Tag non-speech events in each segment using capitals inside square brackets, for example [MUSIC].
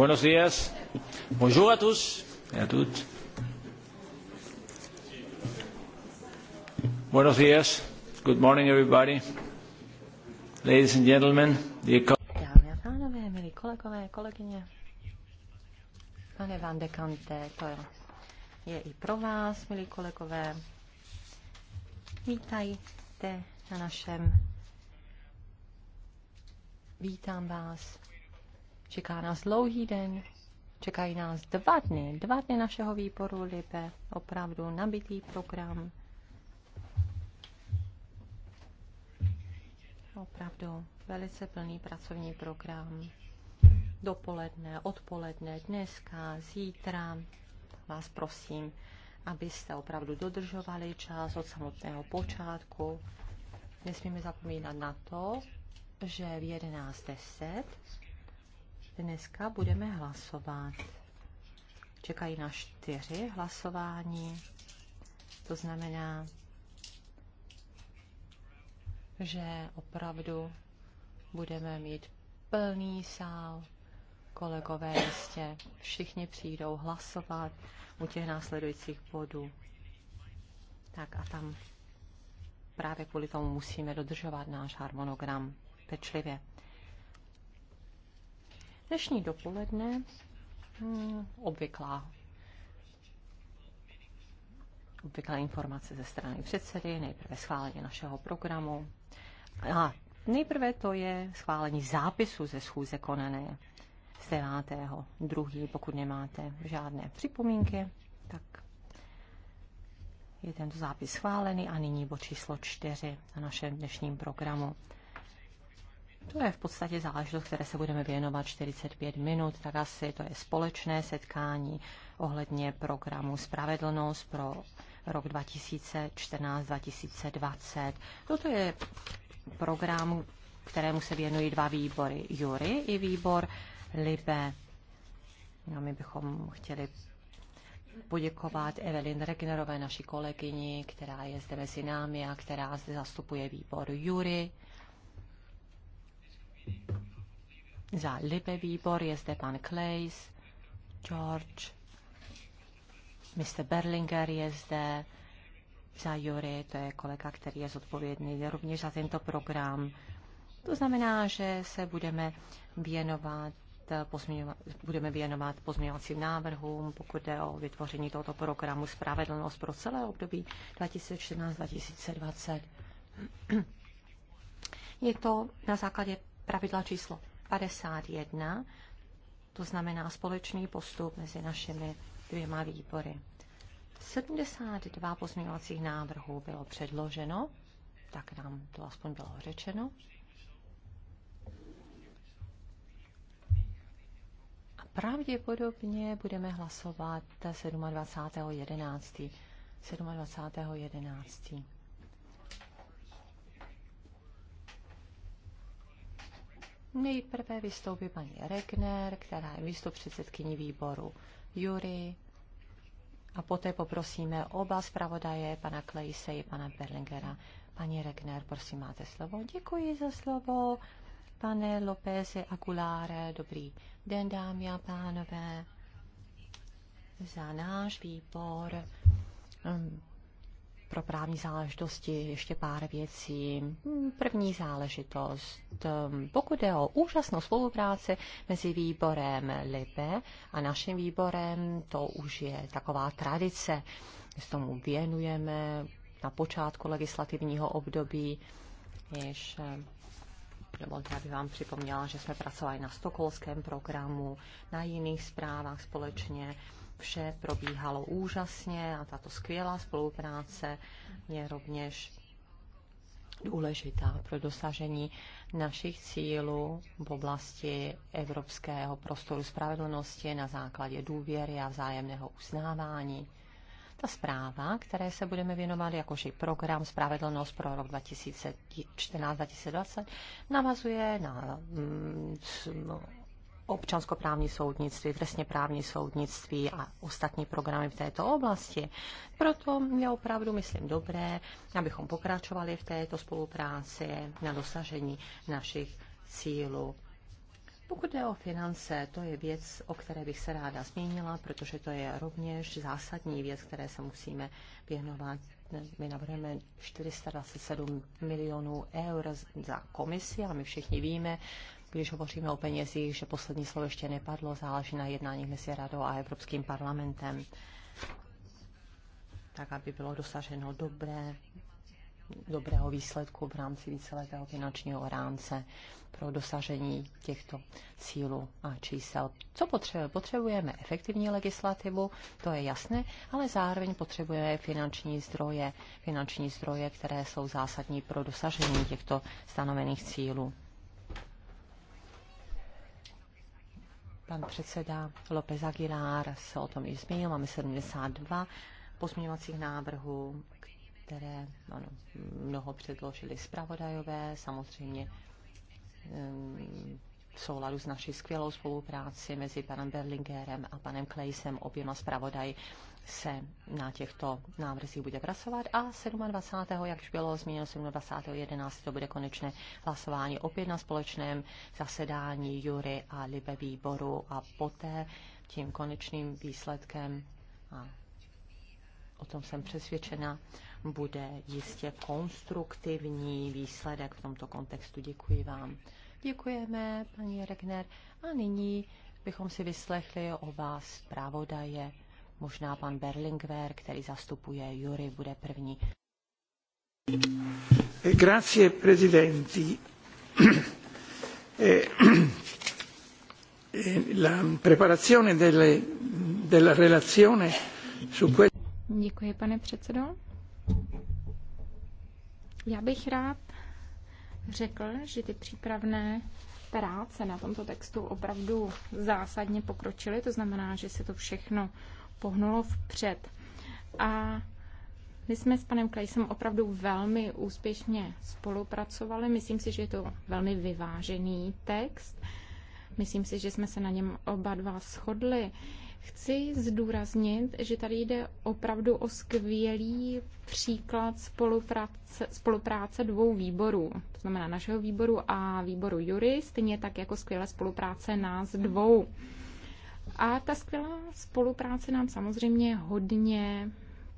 Buenos días. Bonjour à tous et à toutes. Buenos días. Good morning, everybody. Ladies and gentlemen, dear Dámy a pánové, milí kolegové, kolegyně, pane Van de Kante, to je i pro vás, milí kolegové. Vítajte na našem. Vítám vás Čeká nás dlouhý den, čekají nás dva dny, dva dny našeho výboru Libe, opravdu nabitý program. Opravdu velice plný pracovní program. Dopoledne, odpoledne, dneska, zítra. Vás prosím, abyste opravdu dodržovali čas od samotného počátku. Nesmíme zapomínat na to, že v Dneska budeme hlasovat. Čekají na čtyři hlasování. To znamená, že opravdu budeme mít plný sál. Kolegové jistě všichni přijdou hlasovat u těch následujících bodů. Tak a tam právě kvůli tomu musíme dodržovat náš harmonogram pečlivě. Dnešní dopoledne hmm, obvyklá Obvyklá informace ze strany předsedy, nejprve schválení našeho programu. A nejprve to je schválení zápisu ze schůze konané z 9. druhý, Pokud nemáte žádné připomínky, tak je tento zápis schválený a nyní bod číslo 4 na našem dnešním programu. To je v podstatě záležitost, které se budeme věnovat 45 minut, tak asi to je společné setkání ohledně programu Spravedlnost pro rok 2014-2020. Toto je program, kterému se věnují dva výbory, Jury i výbor Libe. No, my bychom chtěli poděkovat Evelyn Regnerové, naší kolegyni, která je zde mezi námi a která zde zastupuje výbor Jury. Za Libe výbor je zde pan Klejs, George, Mr. Berlinger je zde, za Jury, to je kolega, který je zodpovědný rovněž za tento program. To znamená, že se budeme věnovat budeme věnovat pozměňovacím návrhům, pokud jde o vytvoření tohoto programu Spravedlnost pro celé období 2014-2020. Je to na základě pravidla číslo 51, to znamená společný postup mezi našimi dvěma výbory. 72 pozměňovacích návrhů bylo předloženo, tak nám to aspoň bylo řečeno. A pravděpodobně budeme hlasovat 27.11. 11. Nejprve vystoupí paní Regner, která je místopředsedkyní výboru Jury. A poté poprosíme oba zpravodaje, pana Klejse i pana Berlingera. Paní Regner, prosím, máte slovo. Děkuji za slovo. Pane López Aguiláre, dobrý den, dámy a pánové. Za náš výbor hm, pro právní záležitosti ještě pár věcí. Hmm, první záležitost. Hmm, pokud je o úžasnou spolupráci mezi výborem LIBE a naším výborem, to už je taková tradice. se tomu věnujeme na počátku legislativního období, jež eh, Dovolte, abych vám připomněla, že jsme pracovali na stokholském programu, na jiných zprávách společně vše probíhalo úžasně a tato skvělá spolupráce je rovněž důležitá pro dosažení našich cílů v oblasti evropského prostoru spravedlnosti na základě důvěry a vzájemného uznávání. Ta zpráva, které se budeme věnovat, jakož i program Spravedlnost pro rok 2014-2020, navazuje na mm, no, občanskoprávní soudnictví, trestně právní soudnictví a ostatní programy v této oblasti. Proto je opravdu, myslím, dobré, abychom pokračovali v této spolupráci na dosažení našich cílů. Pokud jde o finance, to je věc, o které bych se ráda zmínila, protože to je rovněž zásadní věc, které se musíme věnovat. My navrhujeme 427 milionů eur za komisi, ale my všichni víme, když hovoříme o penězích, že poslední slovo ještě nepadlo, záleží na jednání mezi Radou a Evropským parlamentem, tak aby bylo dosaženo dobré, dobrého výsledku v rámci víceletého finančního rámce pro dosažení těchto cílů a čísel. Co potřebujeme? Potřebujeme efektivní legislativu, to je jasné, ale zároveň potřebujeme finanční zdroje, finanční zdroje, které jsou zásadní pro dosažení těchto stanovených cílů. Pan předseda López Aguilar se o tom již zmínil. Máme 72 pozměňovacích návrhů, které ano, mnoho předložili zpravodajové, samozřejmě ehm, v souladu s naší skvělou spolupráci mezi panem Berlingerem a panem Klejsem, oběma zpravodaji se na těchto návrzích bude pracovat a 27. jak už bylo zmíněno 27.11. to bude konečné hlasování opět na společném zasedání Jury a Libe výboru a poté tím konečným výsledkem a o tom jsem přesvědčena, bude jistě konstruktivní výsledek v tomto kontextu. Děkuji vám. Děkujeme, paní Regner. A nyní bychom si vyslechli o vás zpravodaje. Možná pan Berlingwer, který zastupuje Jury, bude první. Grazie, prezidenti. Eh, eh, la preparazione delle, della relazione su questo. Děkuji, pane předsedo. Já bych rád řekl, že ty přípravné práce na tomto textu opravdu zásadně pokročily, to znamená, že se to všechno pohnulo vpřed. A my jsme s panem Klejsem opravdu velmi úspěšně spolupracovali. Myslím si, že je to velmi vyvážený text. Myslím si, že jsme se na něm oba dva shodli. Chci zdůraznit, že tady jde opravdu o skvělý příklad spolupráce, spolupráce dvou výborů, to znamená našeho výboru a výboru Jury, stejně tak jako skvělé spolupráce nás dvou. A ta skvělá spolupráce nám samozřejmě hodně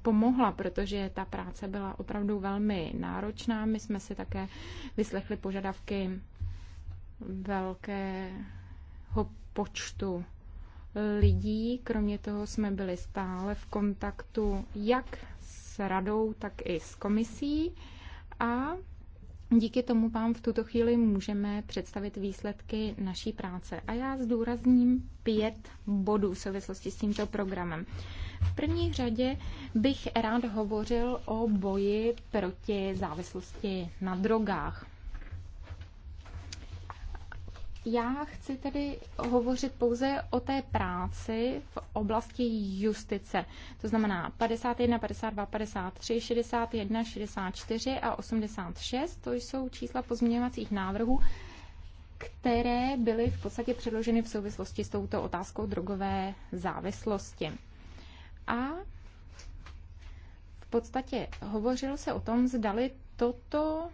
pomohla, protože ta práce byla opravdu velmi náročná. My jsme si také vyslechli požadavky velkého počtu lidí. Kromě toho jsme byli stále v kontaktu jak s radou, tak i s komisí. A Díky tomu vám v tuto chvíli můžeme představit výsledky naší práce. A já zdůrazním pět bodů v souvislosti s tímto programem. V první řadě bych rád hovořil o boji proti závislosti na drogách. Já chci tedy hovořit pouze o té práci v oblasti justice. To znamená 51, 52, 53, 61, 64 a 86. To jsou čísla pozměňovacích návrhů, které byly v podstatě předloženy v souvislosti s touto otázkou drogové závislosti. A v podstatě hovořilo se o tom, zdali toto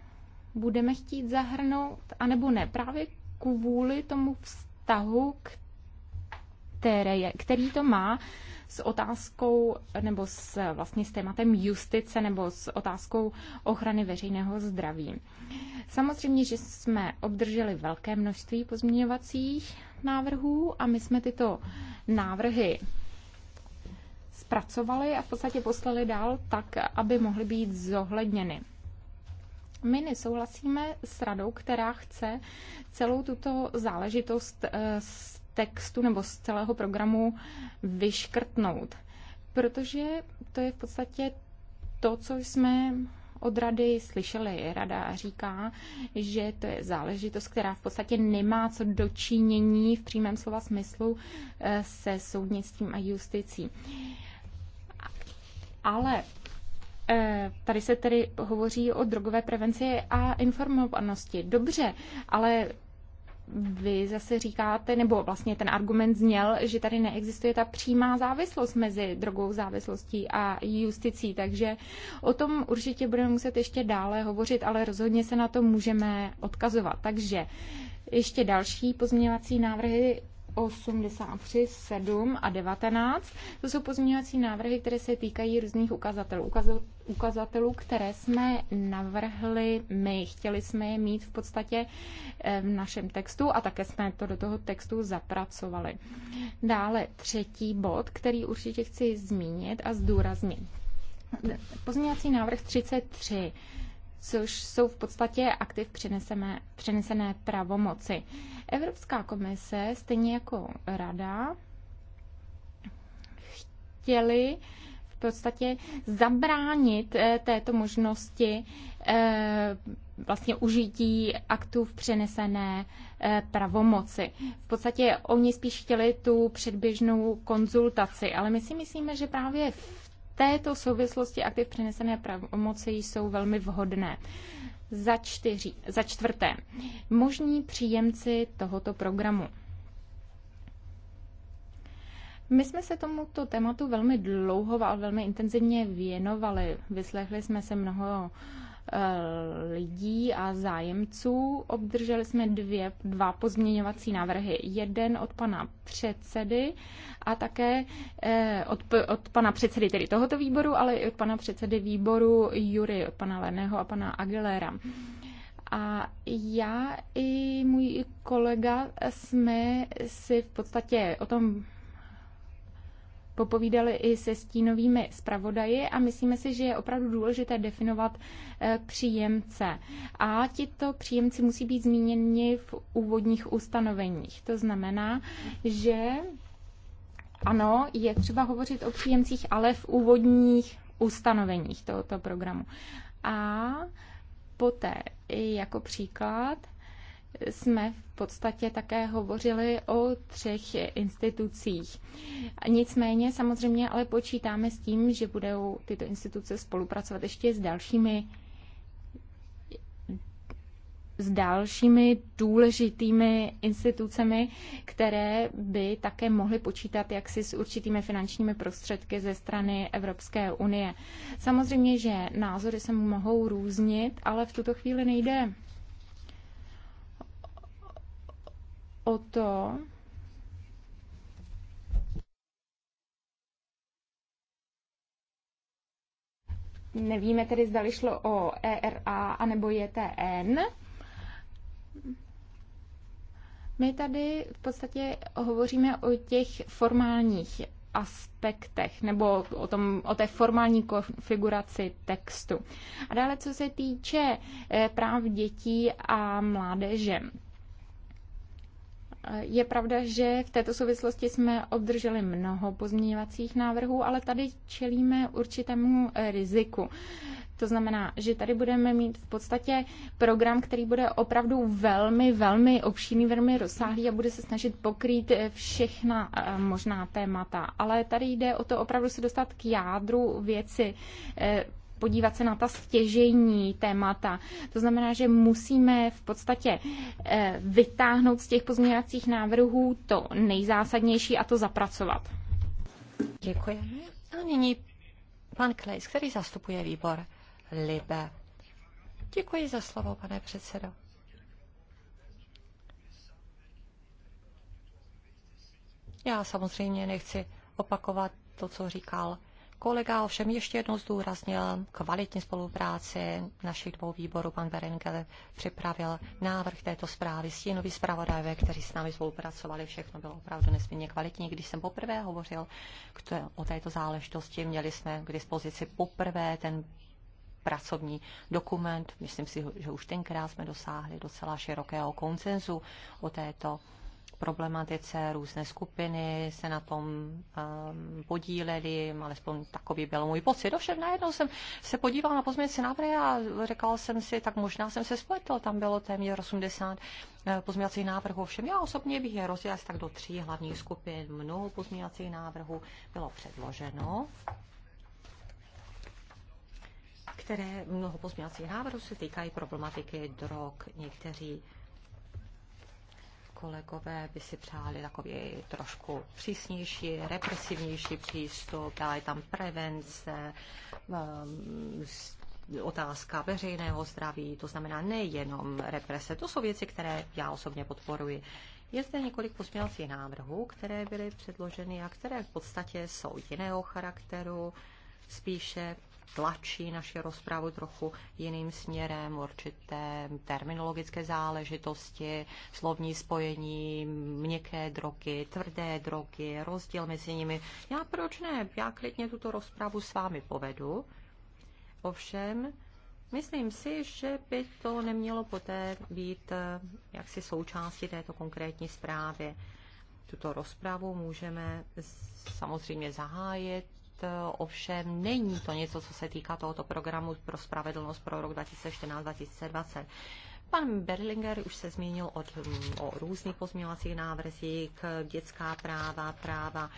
budeme chtít zahrnout, anebo ne. Právě kvůli tomu vztahu, které je, který to má s otázkou nebo s, vlastně s tématem justice nebo s otázkou ochrany veřejného zdraví. Samozřejmě, že jsme obdrželi velké množství pozměňovacích návrhů a my jsme tyto návrhy zpracovali a v podstatě poslali dál tak, aby mohly být zohledněny. My nesouhlasíme s radou, která chce celou tuto záležitost eh, z textu nebo z celého programu vyškrtnout, protože to je v podstatě to, co jsme od rady slyšeli. Rada říká, že to je záležitost, která v podstatě nemá co dočinění v přímém slova smyslu eh, se soudnictvím a justicí. Ale Eh, tady se tedy hovoří o drogové prevenci a informovanosti. Dobře, ale vy zase říkáte, nebo vlastně ten argument zněl, že tady neexistuje ta přímá závislost mezi drogou závislostí a justicí, takže o tom určitě budeme muset ještě dále hovořit, ale rozhodně se na to můžeme odkazovat. Takže ještě další pozměňovací návrhy 83, 7 a 19. To jsou pozměňovací návrhy, které se týkají různých ukazatelů. Ukazatelů, které jsme navrhli my. Chtěli jsme je mít v podstatě eh, v našem textu a také jsme to do toho textu zapracovali. Dále třetí bod, který určitě chci zmínit a zdůraznit. Pozměňovací návrh 33 což jsou v podstatě aktiv přenesené, pravomoci. Evropská komise, stejně jako rada, chtěli v podstatě zabránit eh, této možnosti eh, vlastně užití aktů v přenesené eh, pravomoci. V podstatě oni spíš chtěli tu předběžnou konzultaci, ale my si myslíme, že právě v této souvislosti aktiv přenesené pravomoci jsou velmi vhodné. Za, čtyři, za čtvrté, možní příjemci tohoto programu. My jsme se tomuto tématu velmi dlouho a velmi intenzivně věnovali. Vyslechli jsme se mnoho uh, Eh, lidí a zájemců. Obdrželi jsme dvě, dva pozměňovací návrhy. Jeden od pana předsedy a také eh, od, od pana předsedy tedy tohoto výboru, ale i od pana předsedy výboru Jury, od pana Leného a pana Aguilera. A já i můj kolega jsme si v podstatě o tom popovídali i se stínovými zpravodaji a myslíme si, že je opravdu důležité definovat eh, příjemce. A tito příjemci musí být zmíněni v úvodních ustanoveních. To znamená, že ano, je třeba hovořit o příjemcích, ale v úvodních ustanoveních tohoto programu. A poté jako příklad jsme v podstatě také hovořili o třech institucích. Nicméně samozřejmě ale počítáme s tím, že budou tyto instituce spolupracovat ještě s dalšími s dalšími důležitými institucemi, které by také mohly počítat jaksi s určitými finančními prostředky ze strany Evropské unie. Samozřejmě, že názory se mohou různit, ale v tuto chvíli nejde o to, Nevíme tedy, zda šlo o ERA anebo JTN. My tady v podstatě hovoříme o těch formálních aspektech nebo o, tom, o té formální konfiguraci textu. A dále, co se týče eh, práv dětí a mládeže. Je pravda, že v této souvislosti jsme obdrželi mnoho pozměňovacích návrhů, ale tady čelíme určitému eh, riziku. To znamená, že tady budeme mít v podstatě program, který bude opravdu velmi, velmi obšírný, velmi rozsáhlý a bude se snažit pokrýt eh, všechna eh, možná témata. Ale tady jde o to opravdu se dostat k jádru věci, podívat se na ta stěžejní témata. To znamená, že musíme v podstatě eh, vytáhnout z těch pozměňovacích návrhů to nejzásadnější a to zapracovat. Děkujeme. A nyní pan Klejs, který zastupuje výbor Libe. Děkuji za slovo, pane předsedo. Já samozřejmě nechci opakovat to, co říkal Kolega ovšem ještě jednou zdůraznil kvalitní spolupráci našich dvou výborů. Pan Berenkel připravil návrh této zprávy, stínový zpravodajové, kteří s námi spolupracovali. Všechno bylo opravdu nesmírně kvalitní. Když jsem poprvé hovořil o této záležitosti, měli jsme k dispozici poprvé ten pracovní dokument. Myslím si, že už tenkrát jsme dosáhli docela širokého koncenzu o této problematice, různé skupiny se na tom um, ehm, podílely, alespoň takový byl můj pocit. Ovšem najednou jsem se podíval na pozměňovací návrhy a řekl jsem si, tak možná jsem se spletl, tam bylo téměř 80 eh, pozměňovacích návrhů. Ovšem já osobně bych je rozdělil tak do tří hlavních skupin. Mnoho pozměňovacích návrhů bylo předloženo které mnoho pozměňovacích návrhů se týkají problematiky drog. Někteří kolegové by si přáli takový trošku přísnější, represivnější přístup, ale je tam prevence, ehm, otázka veřejného zdraví, to znamená nejenom represe. To jsou věci, které já osobně podporuji. Je zde několik pozměňovacích návrhů, které byly předloženy a které v podstatě jsou jiného charakteru, spíše tlačí naši rozprávu trochu jiným směrem, určité terminologické záležitosti, slovní spojení, měkké drogy, tvrdé drogy, rozdíl mezi nimi. Já proč ne? Já klidně tuto rozprávu s vámi povedu. Ovšem, Myslím si, že by to nemělo poté být eh, jaksi součástí této konkrétní zprávy. Tuto rozpravu můžeme samozřejmě zahájit Eh, ovšem není to něco, co se týká tohoto programu pro spravedlnost pro rok 2014-2020. Pan Berlinger už se zmínil o, o různých pozměňovacích návrzích, dětská práva, práva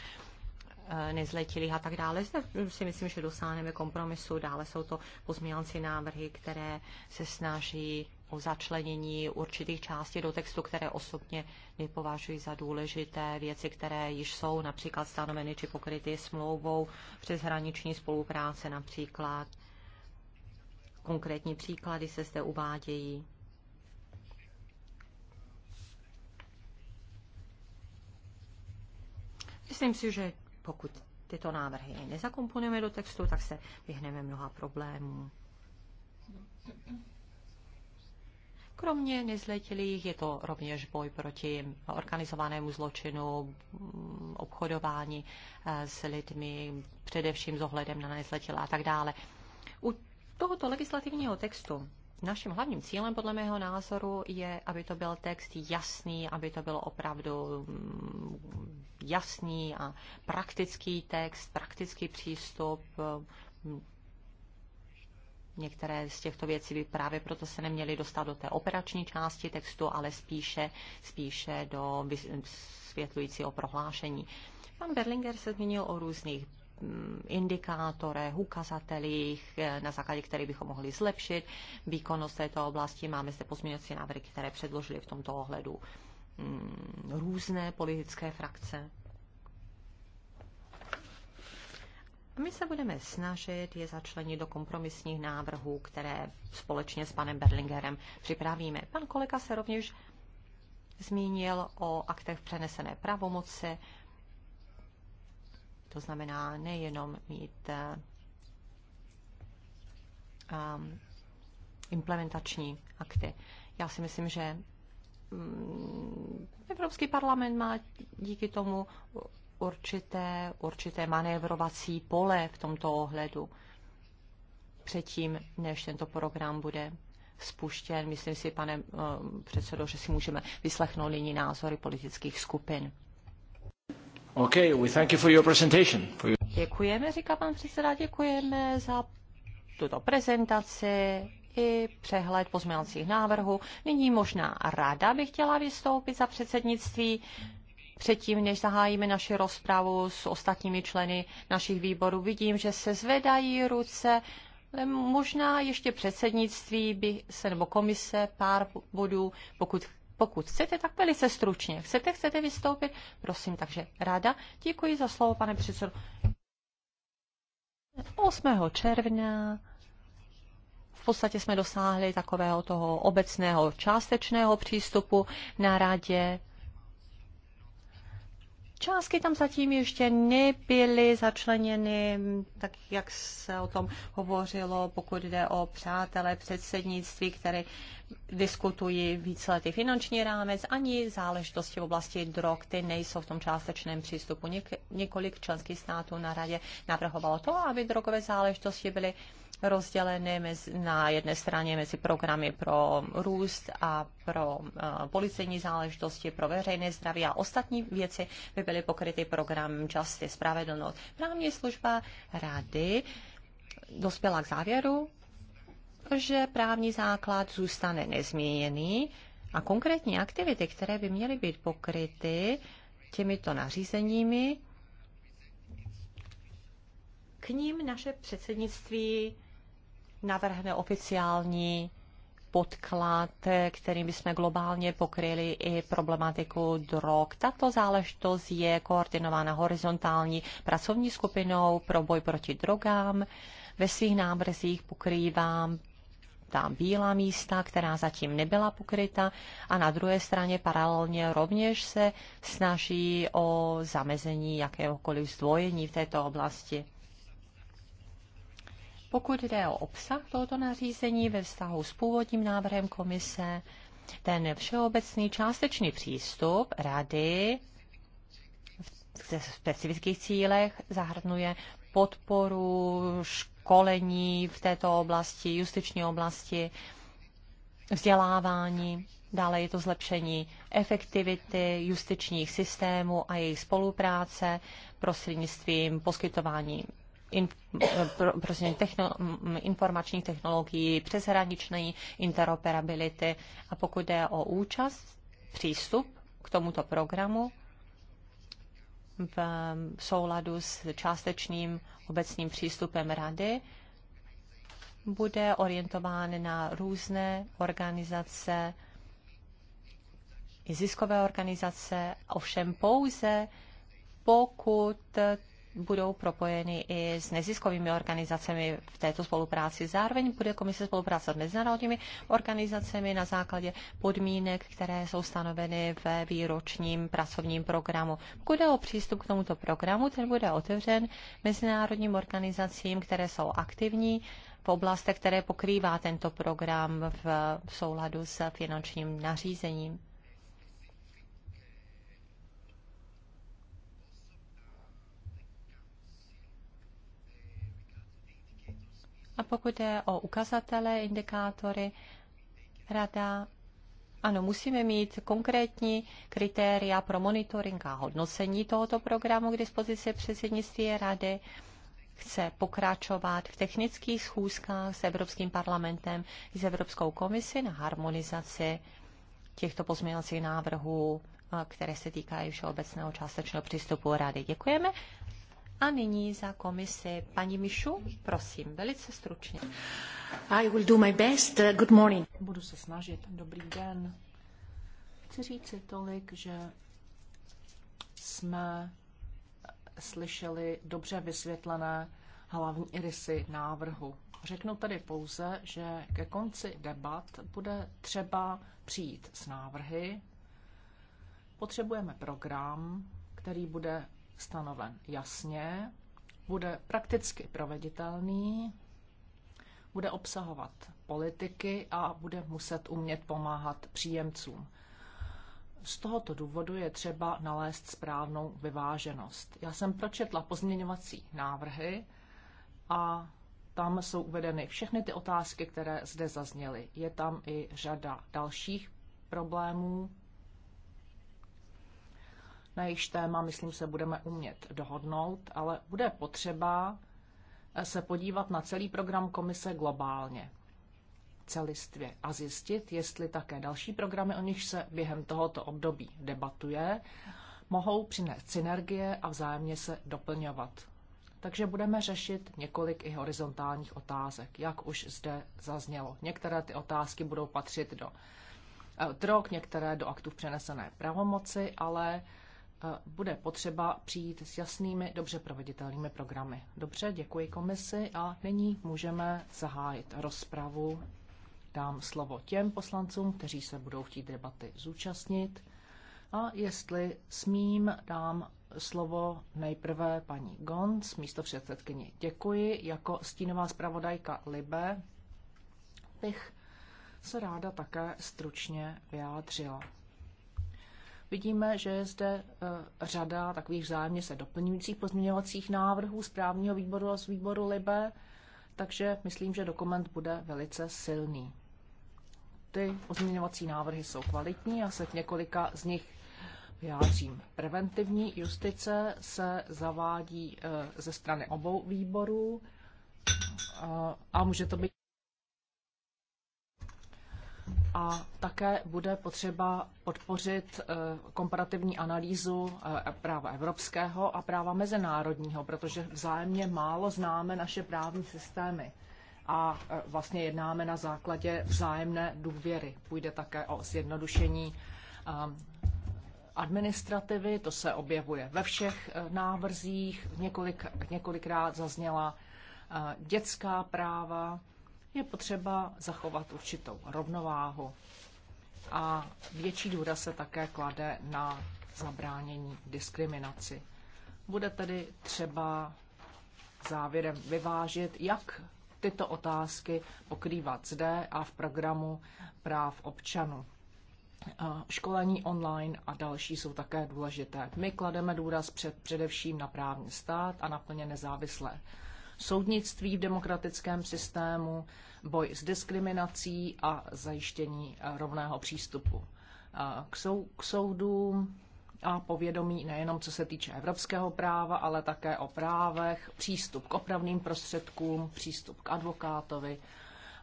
eh, nezletilých a tak dále. Zde si myslím, že dosáhneme kompromisu. Dále jsou to pozměňovací návrhy, které se snaží o začlenění určitých částí do textu, které osobně nepovažuji za důležité, věci, které již jsou například stanoveny či pokryty smlouvou přes hraniční spolupráce například. Konkrétní příklady se zde uvádějí. Myslím si, že pokud tyto návrhy nezakomponujeme do textu, tak se vyhneme mnoha problémů. Kromě nezletilých je to rovněž boj proti organizovanému zločinu, obchodování eh, s lidmi, především s ohledem na nezletilé a tak dále. U tohoto legislativního textu naším hlavním cílem, podle mého názoru, je, aby to byl text jasný, aby to byl opravdu mm, jasný a praktický text, praktický přístup, eh, Některé z těchto věcí by právě proto se neměly dostat do té operační části textu, ale spíše, spíše do vysvětlujícího prohlášení. Pan Berlinger se zmínil o různých mm, indikátorech, ukazatelích, eh, na základě kterých bychom mohli zlepšit výkonnost této oblasti. Máme zde pozměňovací návrhy, které předložili v tomto ohledu mm, různé politické frakce. My se budeme snažit je začlenit do kompromisních návrhů, které společně s panem Berlingerem připravíme. Pan kolega se rovněž zmínil o aktech přenesené pravomoci. To znamená nejenom mít um, implementační akty. Já si myslím, že mm, Evropský parlament má díky tomu určité, určité manévrovací pole v tomto ohledu předtím, než tento program bude spuštěn. Myslím si, pane eh, předsedo, že si můžeme vyslechnout nyní názory politických skupin. Okay, we thank you for your presentation. For your... Děkujeme, říká pan předseda, děkujeme za tuto prezentaci i přehled pozměňovacích návrhů. Nyní možná rada bych chtěla vystoupit za předsednictví předtím, než zahájíme naši rozpravu s ostatními členy našich výborů. Vidím, že se zvedají ruce. ale Možná ještě předsednictví by se, nebo komise pár bodů, pokud pokud chcete, tak velice stručně. Chcete, chcete vystoupit? Prosím, takže ráda. Děkuji za slovo, pane předsedo. 8. června v podstatě jsme dosáhli takového toho obecného částečného přístupu na radě Částky tam zatím ještě nebyly začleněny, tak jak se o tom hovořilo, pokud jde o přátelé předsednictví, které diskutují víceletý finanční rámec, ani záležitosti v oblasti drog, ty nejsou v tom částečném přístupu. Něk- několik členských států na radě navrhovalo to, aby drogové záležitosti byly mezi, na jedné straně mezi programy pro růst a pro eh, policejní záležitosti, pro veřejné zdraví a ostatní věci by byly pokryty programem Justice, spravedlnost. Právní služba rady dospěla k závěru, že právní základ zůstane nezměněný a konkrétní aktivity, které by měly být pokryty těmito nařízeními, k ním naše předsednictví navrhne oficiální podklad, kterým bychom globálně pokryli i problematiku drog. Tato záležitost je koordinována horizontální pracovní skupinou pro boj proti drogám. Ve svých návrzích pokrývám ta bílá místa, která zatím nebyla pokryta a na druhé straně paralelně rovněž se snaží o zamezení jakéhokoliv zdvojení v této oblasti. Pokud jde o obsah tohoto nařízení ve vztahu s původním návrhem komise, ten všeobecný částečný přístup rady v specifických cílech zahrnuje podporu školení v této oblasti, justiční oblasti, vzdělávání. Dále je to zlepšení efektivity justičních systémů a jejich spolupráce prostřednictvím poskytování in, pro, prostě techno, informačních technologií, přeshraniční interoperability. A pokud jde o účast, přístup k tomuto programu v souladu s částečným obecným přístupem Rady, bude orientován na různé organizace, i ziskové organizace, ovšem pouze pokud budou propojeny i s neziskovými organizacemi v této spolupráci. Zároveň bude komise spolupracovat s mezinárodními organizacemi na základě podmínek, které jsou stanoveny ve výročním pracovním programu. Pokud je o přístup k tomuto programu, ten bude otevřen mezinárodním organizacím, které jsou aktivní v oblastech, které pokrývá tento program v souladu s finančním nařízením. A pokud je o ukazatele, indikátory, rada, ano, musíme mít konkrétní kritéria pro monitoring a hodnocení tohoto programu k dispozici předsednictví rady chce pokračovat v technických schůzkách s Evropským parlamentem i s Evropskou komisi na harmonizaci těchto pozměňovacích návrhů, eh, které se týkají všeobecného částečného přístupu rady. Děkujeme. A nyní za komisi paní Mišu, prosím, velice stručně. I will do my best. Good morning. Budu se snažit. Dobrý den. Chci říct si tolik, že jsme slyšeli dobře vysvětlené hlavní rysy návrhu. Řeknu tady pouze, že ke konci debat bude třeba přijít s návrhy. Potřebujeme program, který bude stanoven jasně, bude prakticky proveditelný, bude obsahovat politiky a bude muset umět pomáhat příjemcům. Z tohoto důvodu je třeba nalézt správnou vyváženost. Já jsem pročetla pozměňovací návrhy a tam jsou uvedeny všechny ty otázky, které zde zazněly. Je tam i řada dalších problémů, na jejich téma, myslím, se budeme umět dohodnout, ale bude potřeba eh, se podívat na celý program komise globálně, celistvě a zjistit, jestli také další programy, o nich se během tohoto období debatuje, mohou přinést synergie a vzájemně se doplňovat. Takže budeme řešit několik i horizontálních otázek, jak už zde zaznělo. Některé ty otázky budou patřit do trok, eh, některé do aktu přenesené pravomoci, ale bude potřeba přijít s jasnými, dobře proveditelnými programy. Dobře, děkuji komisi a nyní můžeme zahájit rozpravu. Dám slovo těm poslancům, kteří se budou chtít debaty zúčastnit. A jestli smím, dám slovo nejprve paní Gons, místo předsedkyni. Děkuji. Jako stínová zpravodajka Libe bych se ráda také stručně vyjádřila. Vidíme, že je zde e, řada takových vzájemně se doplňujících pozměňovacích návrhů z právního výboru a z výboru LIBE, takže myslím, že dokument bude velice silný. Ty pozměňovací návrhy jsou kvalitní, já se k několika z nich vyjádřím. Preventivní justice se zavádí e, ze strany obou výborů e, a může to být a také bude potřeba podpořit eh, komparativní analýzu eh, práva evropského a práva mezinárodního, protože vzájemně málo známe naše právní systémy a eh, vlastně jednáme na základě vzájemné důvěry. Půjde také o zjednodušení administrativy, to se objevuje ve všech návrzích, několik, několikrát zazněla dětská práva, je potřeba zachovat určitou rovnováhu a větší důraz se také klade na zabránění diskriminaci. Bude tedy třeba závěrem vyvážit, jak tyto otázky pokrývat zde a v programu práv občanů. Školení online a další jsou také důležité. My klademe důraz před, především na právní stát a na plně nezávislé soudnictví v demokratickém systému, boj s diskriminací a zajištění eh, rovného přístupu eh, k, sou, k soudům a povědomí nejenom co se týče evropského práva, ale také o právech, přístup k opravným prostředkům, přístup k advokátovi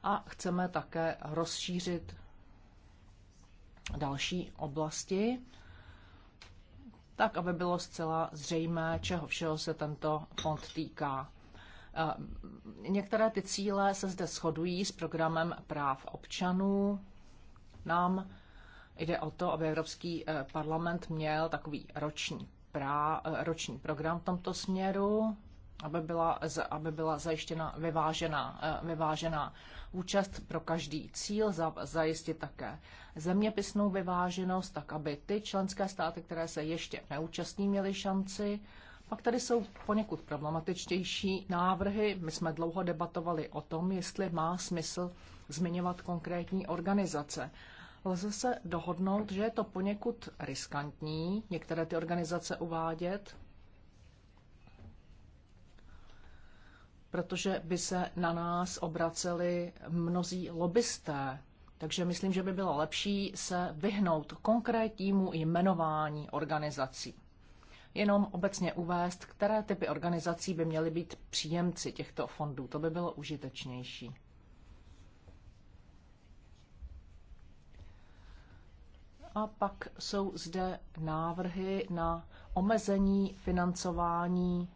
a chceme také rozšířit další oblasti, tak aby bylo zcela zřejmé, čeho všeho se tento fond týká. Ehm, některé ty cíle se zde shodují s programem práv občanů. Nám jde o to, aby Evropský eh, parlament měl takový roční, prá, eh, roční program v tomto směru, aby byla, aby byla zajištěna vyvážená, eh, vyvážená účast pro každý cíl, za, zajistit také zeměpisnou vyváženost, tak aby ty členské státy, které se ještě neúčastní, měly šanci pak tady jsou poněkud problematičtější návrhy. My jsme dlouho debatovali o tom, jestli má smysl zmiňovat konkrétní organizace. Lze se dohodnout, že je to poněkud riskantní některé ty organizace uvádět, protože by se na nás obraceli mnozí lobbysté. Takže myslím, že by bylo lepší se vyhnout konkrétnímu jmenování organizací jenom obecně uvést, které typy organizací by měly být příjemci těchto fondů. To by bylo užitečnější. A pak jsou zde návrhy na omezení financování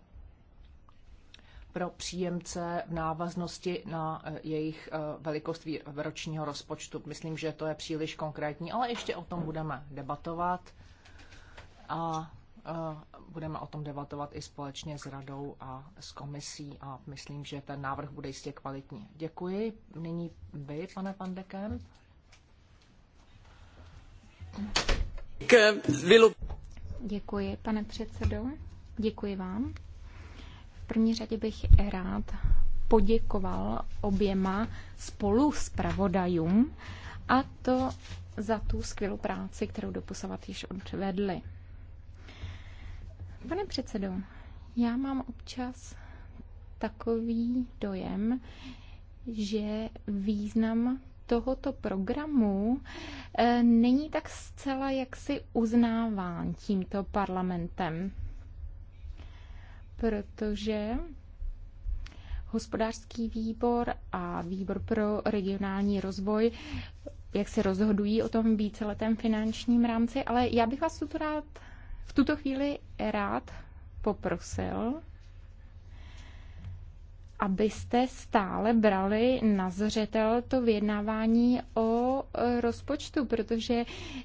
pro příjemce v návaznosti na eh, jejich eh, velikost ročního rozpočtu. Myslím, že to je příliš konkrétní, ale ještě o tom budeme debatovat. A budeme o tom debatovat i společně s radou a s komisí a myslím, že ten návrh bude jistě kvalitní. Děkuji. Nyní vy, pane Pandekem. Děkuji, pane předsedo. Děkuji vám. V první řadě bych rád poděkoval oběma spolu zpravodajům a to za tu skvělou práci, kterou doposavat již odvedli. Pane předsedo, já mám občas takový dojem, že význam tohoto programu eh, není tak zcela jaksi uznáván tímto parlamentem. Protože hospodářský výbor a výbor pro regionální rozvoj eh, jak se rozhodují o tom víceletém finančním rámci, ale já bych vás tu rád v tuto chvíli rád poprosil, abyste stále brali na zřetel to vyjednávání o rozpočtu, protože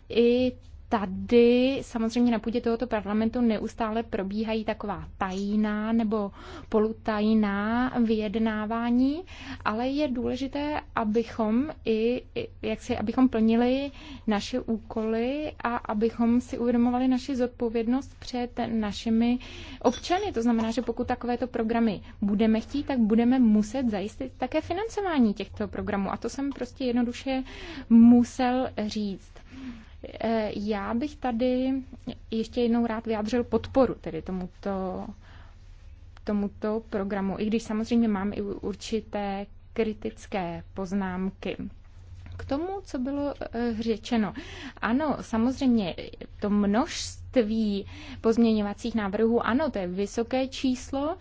i tady samozřejmě na půdě tohoto parlamentu neustále probíhají taková tajná nebo polutajná vyjednávání, ale je důležité, abychom i, jak si, abychom plnili naše úkoly a abychom si uvědomovali naši zodpovědnost před našimi občany. To znamená, že pokud takovéto programy budeme chtít, tak budeme muset zajistit také financování těchto programů. A to jsem prostě jednoduše musel říct. Eh, já bych tady ještě jednou rád vyjádřil podporu tedy tomuto, tomuto programu, i když samozřejmě mám i určité kritické poznámky k tomu, co bylo eh, řečeno. Ano, samozřejmě to množství množství pozměňovacích návrhů. Ano, to je vysoké číslo,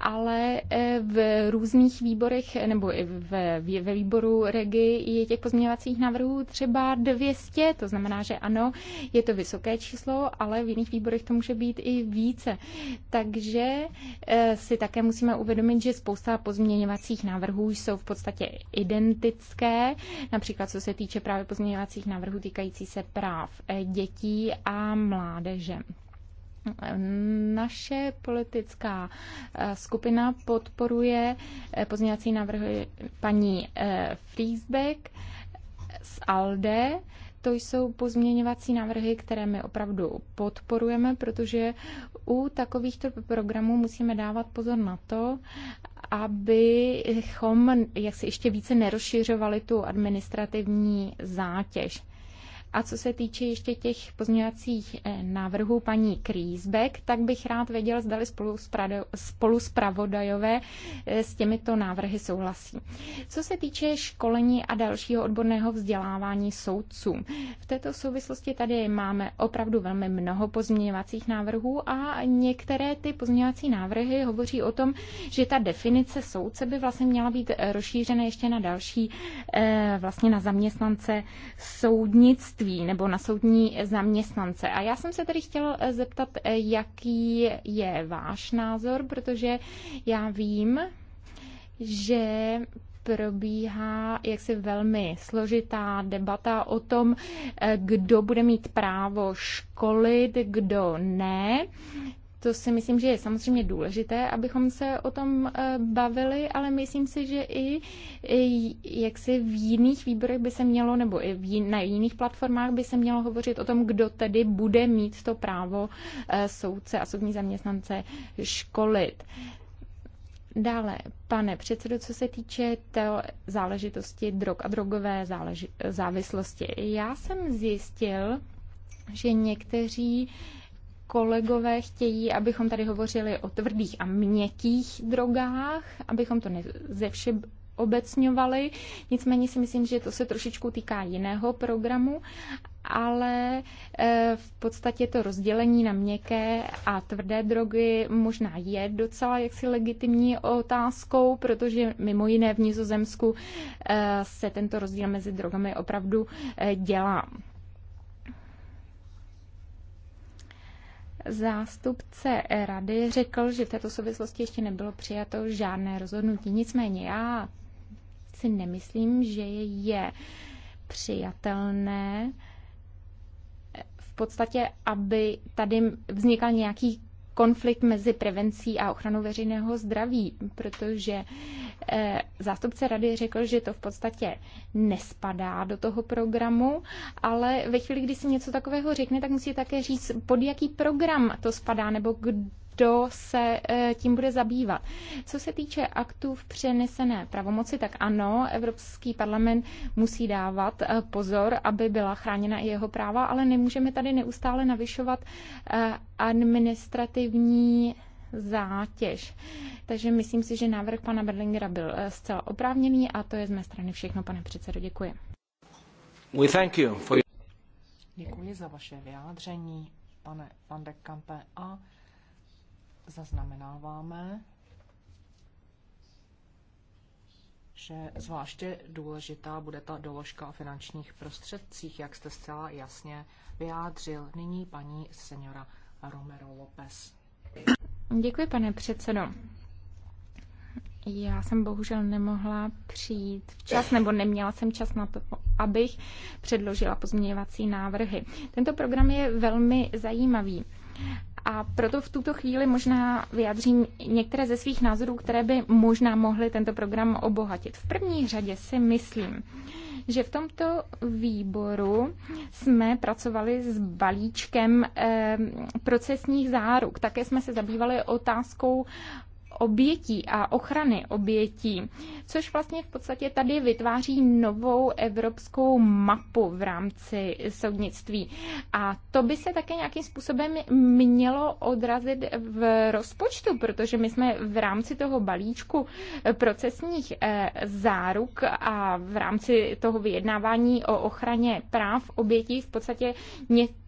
ale eh, v různých výborech nebo i ve, ve výboru regi je těch pozměňovacích návrhů třeba 200, to znamená, že ano, je to vysoké číslo, ale v jiných výborech to může být i více. Takže eh, si také musíme uvědomit, že spousta pozměňovacích návrhů jsou v podstatě identické, například co se týče právě pozměňovacích návrhů týkající se práv eh, dětí a mládeže že mm, Naše politická eh, skupina podporuje eh, pozměňovací návrhy paní eh, Friesbeck z ALDE. To jsou pozměňovací návrhy, které my opravdu podporujeme, protože u takovýchto programů musíme dávat pozor na to, abychom jak si ještě více nerozšiřovali tu administrativní zátěž. A co se týče ještě těch pozměňovacích eh, návrhů paní Krýzbek, tak bych rád věděl, zdali spolu spravodajové eh, s těmito návrhy souhlasí. Co se týče školení a dalšího odborného vzdělávání soudců, v této souvislosti tady máme opravdu velmi mnoho pozměňovacích návrhů a některé ty pozměňovací návrhy hovoří o tom, že ta definice soudce by vlastně měla být eh, rozšířena ještě na další, vlastně na zaměstnance soudnictví soudnictví nebo na soudní zaměstnance. A já jsem se tady chtěla eh, zeptat, eh, jaký je váš názor, protože já vím, že probíhá jaksi velmi složitá debata o tom, eh, kdo bude mít právo školit, kdo ne. To si myslím, že je samozřejmě důležité, abychom se o tom eh, bavili, ale myslím si, že i, i jak v jiných výborech by se mělo, nebo i jin, na jiných platformách by se mělo hovořit o tom, kdo tedy bude mít to právo eh, soudce a soudní zaměstnance školit. Dále, pane předsedo, co se týče té záležitosti drog a drogové záleži- závislosti. Já jsem zjistil, že někteří uh, kolegové chtějí, abychom tady hovořili o tvrdých a měkkých drogách, abychom to nevše obecňovali. Nicméně si myslím, že to se trošičku týká jiného programu, ale eh, v podstatě to rozdělení na měkké a tvrdé drogy možná je docela jaksi legitimní otázkou, protože mimo jiné v Nizozemsku eh, se tento rozdíl mezi drogami opravdu eh, dělá. zástupce rady řekl, že v této souvislosti ještě nebylo přijato žádné rozhodnutí. Nicméně já si nemyslím, že je přijatelné v podstatě, aby tady vznikal nějaký konflikt mezi prevencí a ochranou veřejného zdraví, protože Eh, zástupce rady řekl, že to v podstatě nespadá do toho programu, ale ve chvíli, kdy si něco takového řekne, tak musí také říct, pod jaký program to spadá nebo kdo se eh, tím bude zabývat. Co se týče aktů v přenesené pravomoci, tak ano, Evropský parlament musí dávat eh, pozor, aby byla chráněna i jeho práva, ale nemůžeme tady neustále navyšovat administrativní zátěž. Takže myslím si, že návrh pana Berlingera byl eh, zcela oprávněný a to je z mé strany všechno, pane předsedo. Děkuji. We thank you for... Děkuji za vaše vyjádření, pane Van de Kampe, a zaznamenáváme, že zvláště důležitá bude ta doložka o finančních prostředcích, jak jste zcela jasně vyjádřil. Nyní paní seniora Romero López. Děkuji, pane předsedo. Já jsem bohužel nemohla přijít včas, nebo neměla jsem čas na to, abych předložila pozměňovací návrhy. Tento program je velmi zajímavý. A proto v tuto chvíli možná vyjádřím některé ze svých názorů, které by možná mohly tento program obohatit. V první řadě si myslím, že v tomto výboru jsme pracovali s balíčkem eh, procesních záruk. Také jsme se zabývali otázkou obětí a ochrany obětí, což vlastně v podstatě tady vytváří novou evropskou mapu v rámci soudnictví. A to by se také nějakým způsobem mělo odrazit v rozpočtu, protože my jsme v rámci toho balíčku procesních eh, záruk a v rámci toho vyjednávání o ochraně práv obětí v podstatě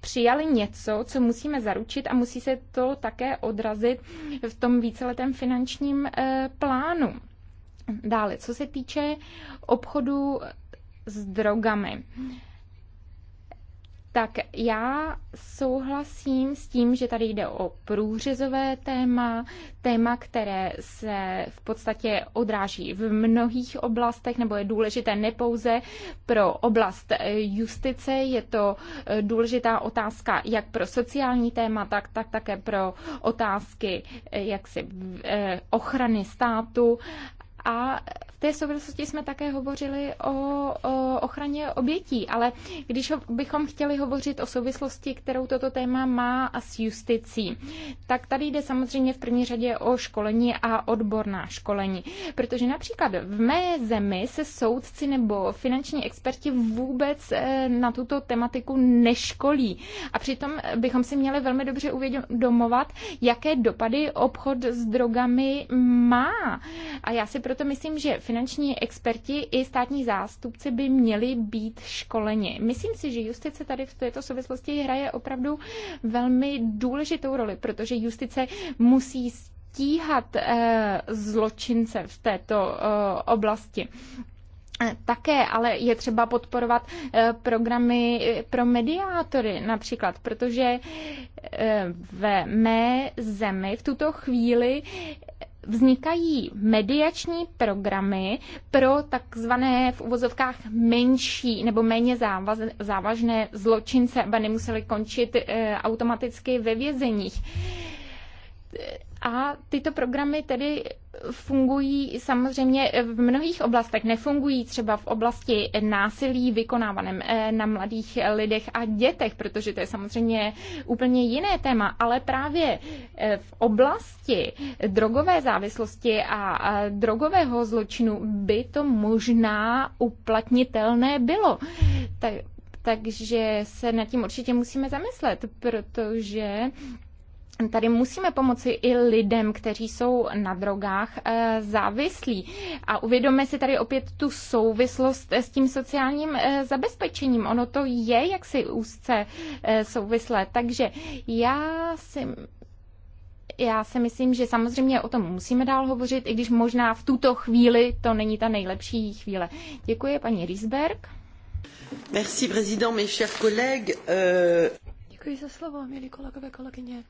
přijali něco, co musíme zaručit a musí se to také odrazit v tom víceletém finančním finančním eh, plánu. Dále, co se týče obchodu s drogami tak já souhlasím s tím, že tady jde o průřezové téma, téma, které se v podstatě odráží v mnohých oblastech, nebo je důležité nepouze pro oblast justice, je to eh, důležitá otázka jak pro sociální téma, tak, tak také pro otázky eh, jaksi eh, ochrany státu a v té souvislosti jsme také hovořili o, o ochraně obětí, ale když bychom chtěli hovořit o souvislosti, kterou toto téma má a s justicí, tak tady jde samozřejmě v první řadě o školení a odborná školení. Protože například v mé zemi se soudci nebo finanční experti vůbec eh, na tuto tematiku neškolí. A přitom bychom si měli velmi dobře uvědomovat, jaké dopady obchod s drogami má. A já si proto myslím, že finanční experti i státní zástupci by měli být školeni. Myslím si, že justice tady v této souvislosti hraje opravdu velmi důležitou roli, protože justice musí stíhat eh, zločince v této eh, oblasti. Také, ale je třeba podporovat eh, programy pro mediátory například, protože ve mé zemi v tuto chvíli vznikají mediační programy pro takzvané v uvozovkách menší nebo méně závaz, závažné zločince, aby nemuseli končit e, automaticky ve vězeních. A tyto programy tedy fungují samozřejmě v mnohých oblastech. Nefungují třeba v oblasti násilí vykonávaném eh, na mladých lidech a dětech, protože to je samozřejmě úplně jiné téma, ale právě eh, v oblasti drogové závislosti a drogového zločinu by to možná uplatnitelné bylo. Tak, takže se nad tím určitě musíme zamyslet, protože Tady musíme pomoci i lidem, kteří jsou na drogách eh, závislí. A uvědomme si tady opět tu souvislost s tím sociálním eh, zabezpečením. Ono to je jaksi úzce eh, souvislé. Takže já si já si myslím, že samozřejmě o tom musíme dál hovořit, i když možná v tuto chvíli to není ta nejlepší chvíle. Děkuji, paní Riesberg. Merci, président, mes chers collègues. Euh, Děkuji za slovo, milí kolegové, kolegyně.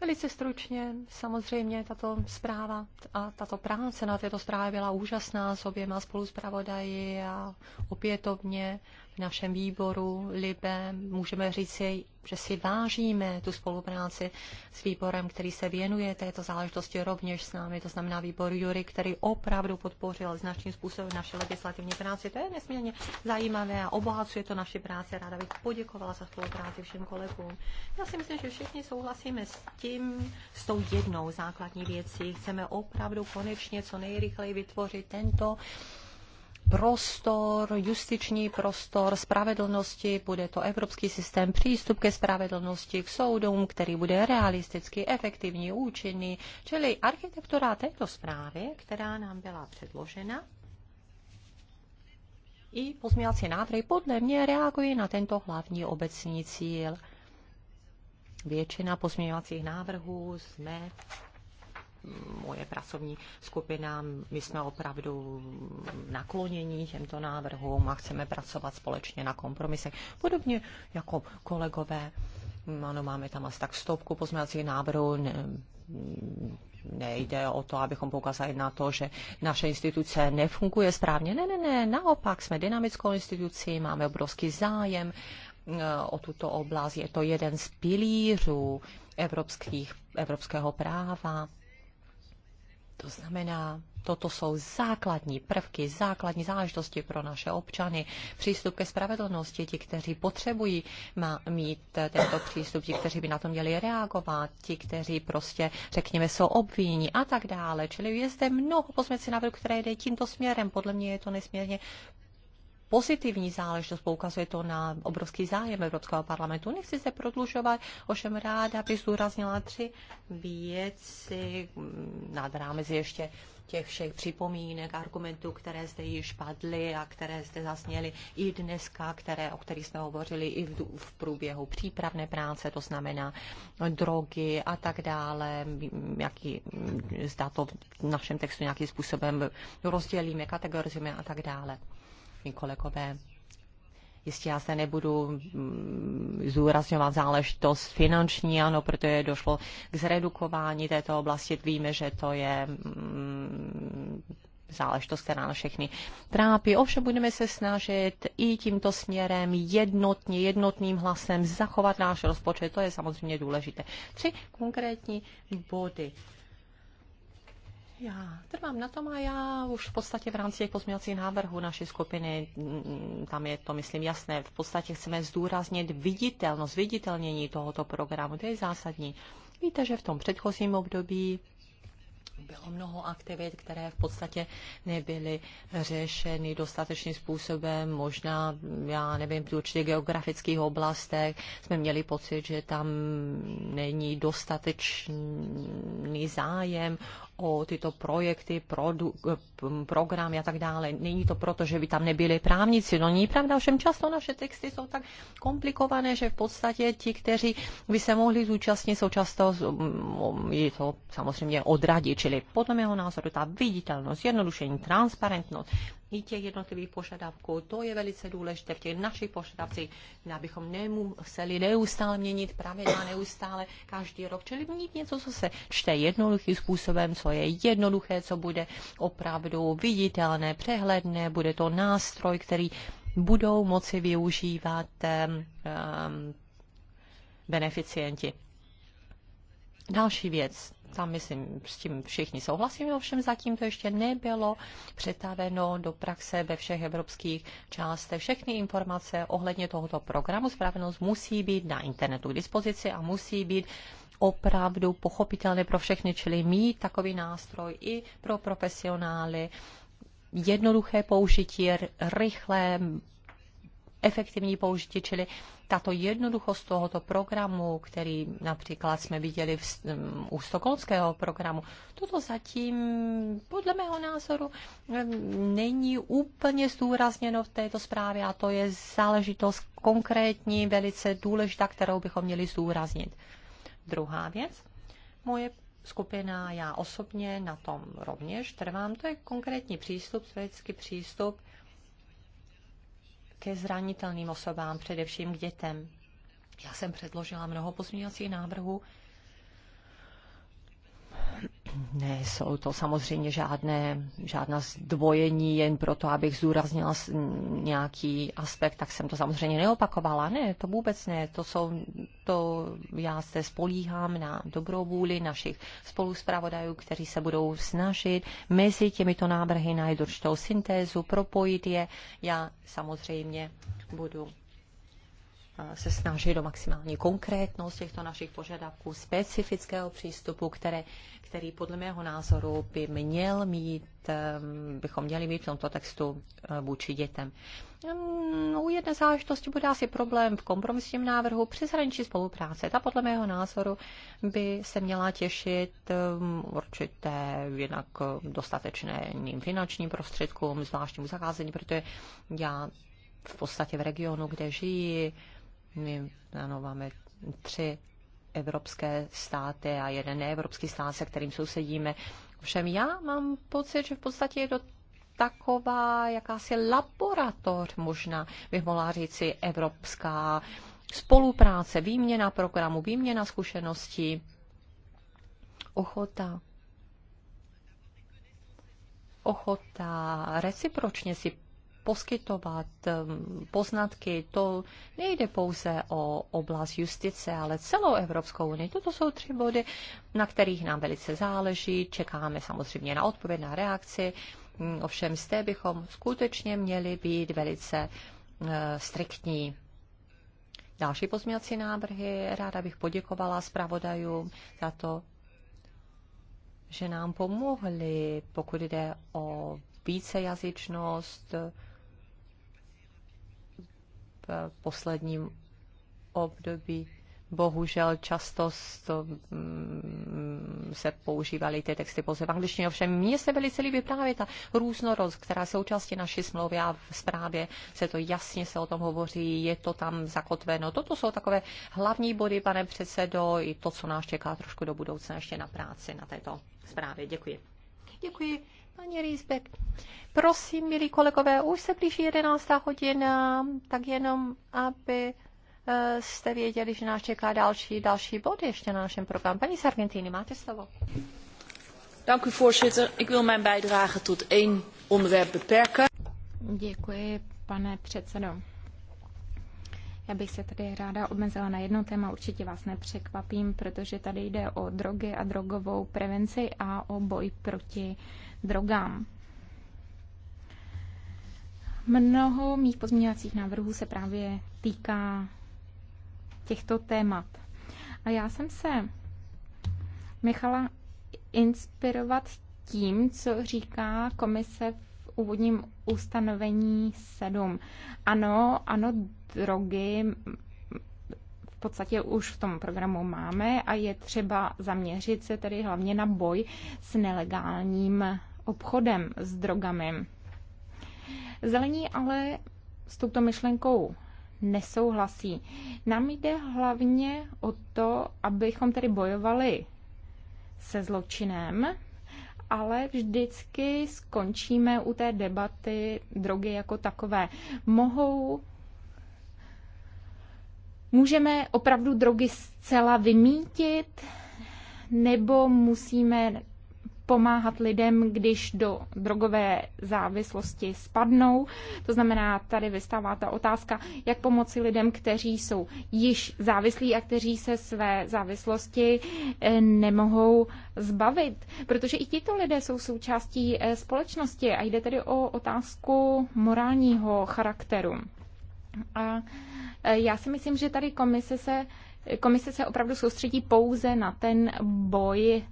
Velice stručně, samozřejmě tato zpráva a tato práce na této zprávě byla úžasná s oběma spoluzpravodaji a opětovně našem výboru LIBE můžeme říci, že si vážíme tu spolupráci s výborem, který se věnuje této záležitosti rovněž s námi, to znamená výbor Jury, který opravdu podpořil značným způsobem naše legislativní práci. To je nesmírně zajímavé a obohacuje to naši práci. Ráda bych poděkovala za spolupráci všem kolegům. Já si myslím, že všichni souhlasíme s tím, s tou jednou základní věcí. Chceme opravdu konečně co nejrychleji vytvořit tento prostor, justiční prostor spravedlnosti, bude to evropský systém přístup ke spravedlnosti, k soudům, který bude realisticky, efektivní, účinný. Čili architektura této zprávy, která nám byla předložena, i pozměňovací návrhy podle mě reagují na tento hlavní obecný cíl. Většina pozměňovacích návrhů jsme moje pracovní skupina, my jsme opravdu naklonění těmto návrhům a chceme pracovat společně na kompromisech. Podobně jako kolegové, ano, máme tam asi tak stovku pozměňovacích návrhů, ne, nejde o to, abychom poukázali na to, že naše instituce nefunguje správně. Ne, ne, ne, naopak jsme dynamickou institucí, máme obrovský zájem eh, o tuto oblast. Je to jeden z pilířů evropských, evropského práva. To znamená, toto jsou základní prvky, základní záležitosti pro naše občany. Přístup ke spravedlnosti, ti, kteří potřebují má mít tento přístup, ti, kteří by na to měli reagovat, ti, kteří prostě, řekněme, jsou obvíní a tak dále. Čili je zde mnoho pozměcí návrhů, které jde tímto směrem. Podle mě je to nesmírně pozitivní záležitost, poukazuje to na obrovský zájem Evropského parlamentu. Nechci se prodlužovat, ovšem ráda bych zúraznila tři věci nad rámec ještě těch všech připomínek, argumentů, které zde již padly a které zde zasněly i dneska, které, o kterých jsme hovořili i v, v průběhu přípravné práce, to znamená drogy a tak dále, jaký, zda to v našem textu nějakým způsobem rozdělíme, kategorizujeme a tak dále mý kolegové. Jistě já se nebudu mm, zúrazňovat záležitost finanční, ano, protože došlo k zredukování této oblasti. Víme, že to je mm, záležitost, která na všechny trápí. Ovšem budeme se snažit i tímto směrem jednotně, jednotným hlasem zachovat náš rozpočet. To je samozřejmě důležité. Tři konkrétní body. Já trvám na tom a já už v podstatě v rámci těch pozměňovacích návrhů naší skupiny, mm, tam je to, myslím, jasné, v podstatě chceme zdůraznit viditelnost, viditelnění tohoto programu, to je zásadní. Víte, že v tom předchozím období bylo mnoho aktivit, které v podstatě nebyly řešeny dostatečným způsobem. Možná, já nevím, v určitě geografických oblastech jsme měli pocit, že tam není dostatečný zájem o tyto projekty, produ, programy a tak dále. Není to proto, že by tam nebyli právníci. No není pravda, všem často naše texty jsou tak komplikované, že v podstatě ti, kteří by se mohli zúčastnit, jsou často, je to samozřejmě odradí. Čili podle mého názoru ta viditelnost, jednodušení, transparentnost, i těch jednotlivých požadavků. To je velice důležité v těch našich požadavcích, abychom nemuseli neustále měnit pravidla, neustále každý rok. Čili měnit něco, co se čte jednoduchým způsobem, co je jednoduché, co bude opravdu viditelné, přehledné, bude to nástroj, který budou moci využívat um, beneficienti. Další věc, tam myslím, s tím všichni souhlasíme, ovšem zatím to ještě nebylo přetaveno do praxe ve všech evropských částech. Všechny informace ohledně tohoto programu Spravedlnost musí být na internetu k dispozici a musí být opravdu pochopitelné pro všechny, čili mít takový nástroj i pro profesionály, jednoduché použití, rychlé, efektivní použití, čili tato jednoduchost tohoto programu, který například jsme viděli v, um, u stokholmského programu, toto zatím podle mého názoru není úplně zdůrazněno v této zprávě a to je záležitost konkrétní, velice důležitá, kterou bychom měli zdůraznit. Druhá věc, moje skupina, já osobně na tom rovněž trvám, to je konkrétní přístup, světský přístup ke zranitelným osobám, především k dětem. Já jsem předložila mnoho pozměňovacích návrhů, nejsou to samozřejmě žádné, žádná zdvojení jen proto, abych zúraznila nějaký aspekt, tak jsem to samozřejmě neopakovala. Ne, to vůbec ne. To jsou, to já se spolíhám na dobrou vůli našich spoluzpravodajů, kteří se budou snažit mezi těmito návrhy najít určitou syntézu, propojit je. Já samozřejmě budu se snaží do maximální konkrétnost těchto našich požadavků, specifického přístupu, které, který podle mého názoru by měl mít, bychom měli mít v tomto textu eh, vůči dětem. U jedné záležitosti bude asi problém v kompromisním návrhu přeshraniční spolupráce. Ta podle mého názoru by se měla těšit určité jinak dostatečným finančním prostředkům, zvláštnímu zacházení, protože já v podstatě v regionu, kde žijí, my ano, máme tři evropské státy a jeden neevropský stát, se kterým sousedíme. Všem já mám pocit, že v podstatě je to taková jakási laboratoř, možná bych mohla říci evropská spolupráce, výměna programu, výměna zkušeností, ochota ochota recipročně si poskytovat ehm, poznatky, to nejde pouze o oblast justice, ale celou Evropskou unii. Toto jsou tři body, na kterých nám velice záleží. Čekáme samozřejmě na odpověď, na reakci. Mm, ovšem té bychom skutečně měli být velice eh, striktní. Další pozměňovací návrhy. Ráda bych poděkovala zpravodajům za to, že nám pomohli, pokud jde o vícejazyčnost, jazyčnost posledním období. Bohužel často to, mm, se používaly ty texty pouze v angličtině. Ovšem mně se velice líbí právě ta různorodost, která je součástí naší smlouvy a v zprávě se to jasně se o tom hovoří, je to tam zakotveno. Toto jsou takové hlavní body, pane předsedo, i to, co nás čeká trošku do budoucna ještě na práci na této zprávě. Děkuji. Děkuji. Pani Rýzbek, prosím, milí kolegové, už se blíží 11. hodina, tak jenom, aby eh, jste věděli, že nás čeká další, další bod ještě na našem programu. Paní z Argentíny, máte slovo. Dank u voorzitter. Ik wil mijn bijdrage tot één onderwerp beperken. Děkuji, pane předsedo. Já bych se tady ráda obmezila na jedno téma, určitě vás nepřekvapím, protože tady jde o drogy a drogovou prevenci a o boj proti drogám. Mnoho mých pozměňovacích návrhů se právě týká těchto témat. A já jsem se nechala inspirovat tím, co říká komise v úvodním ustanovení 7. Ano, ano, drogy v podstatě už v tom programu máme a je třeba zaměřit se tedy hlavně na boj s nelegálním obchodem s drogami. Zelení ale s touto myšlenkou nesouhlasí. Nám jde hlavně o to, abychom tedy bojovali se zločinem, ale vždycky skončíme u té debaty drogy jako takové. Mohou Můžeme opravdu drogy zcela vymítit, nebo musíme pomáhat lidem, když do drogové závislosti spadnou. To znamená, tady vystává ta otázka, jak pomoci lidem, kteří jsou již závislí a kteří se své závislosti eh, nemohou zbavit. Protože i tito lidé jsou součástí eh, společnosti a jde tedy o otázku morálního charakteru. A eh, já si myslím, že tady komise se, komise se opravdu soustředí pouze na ten boj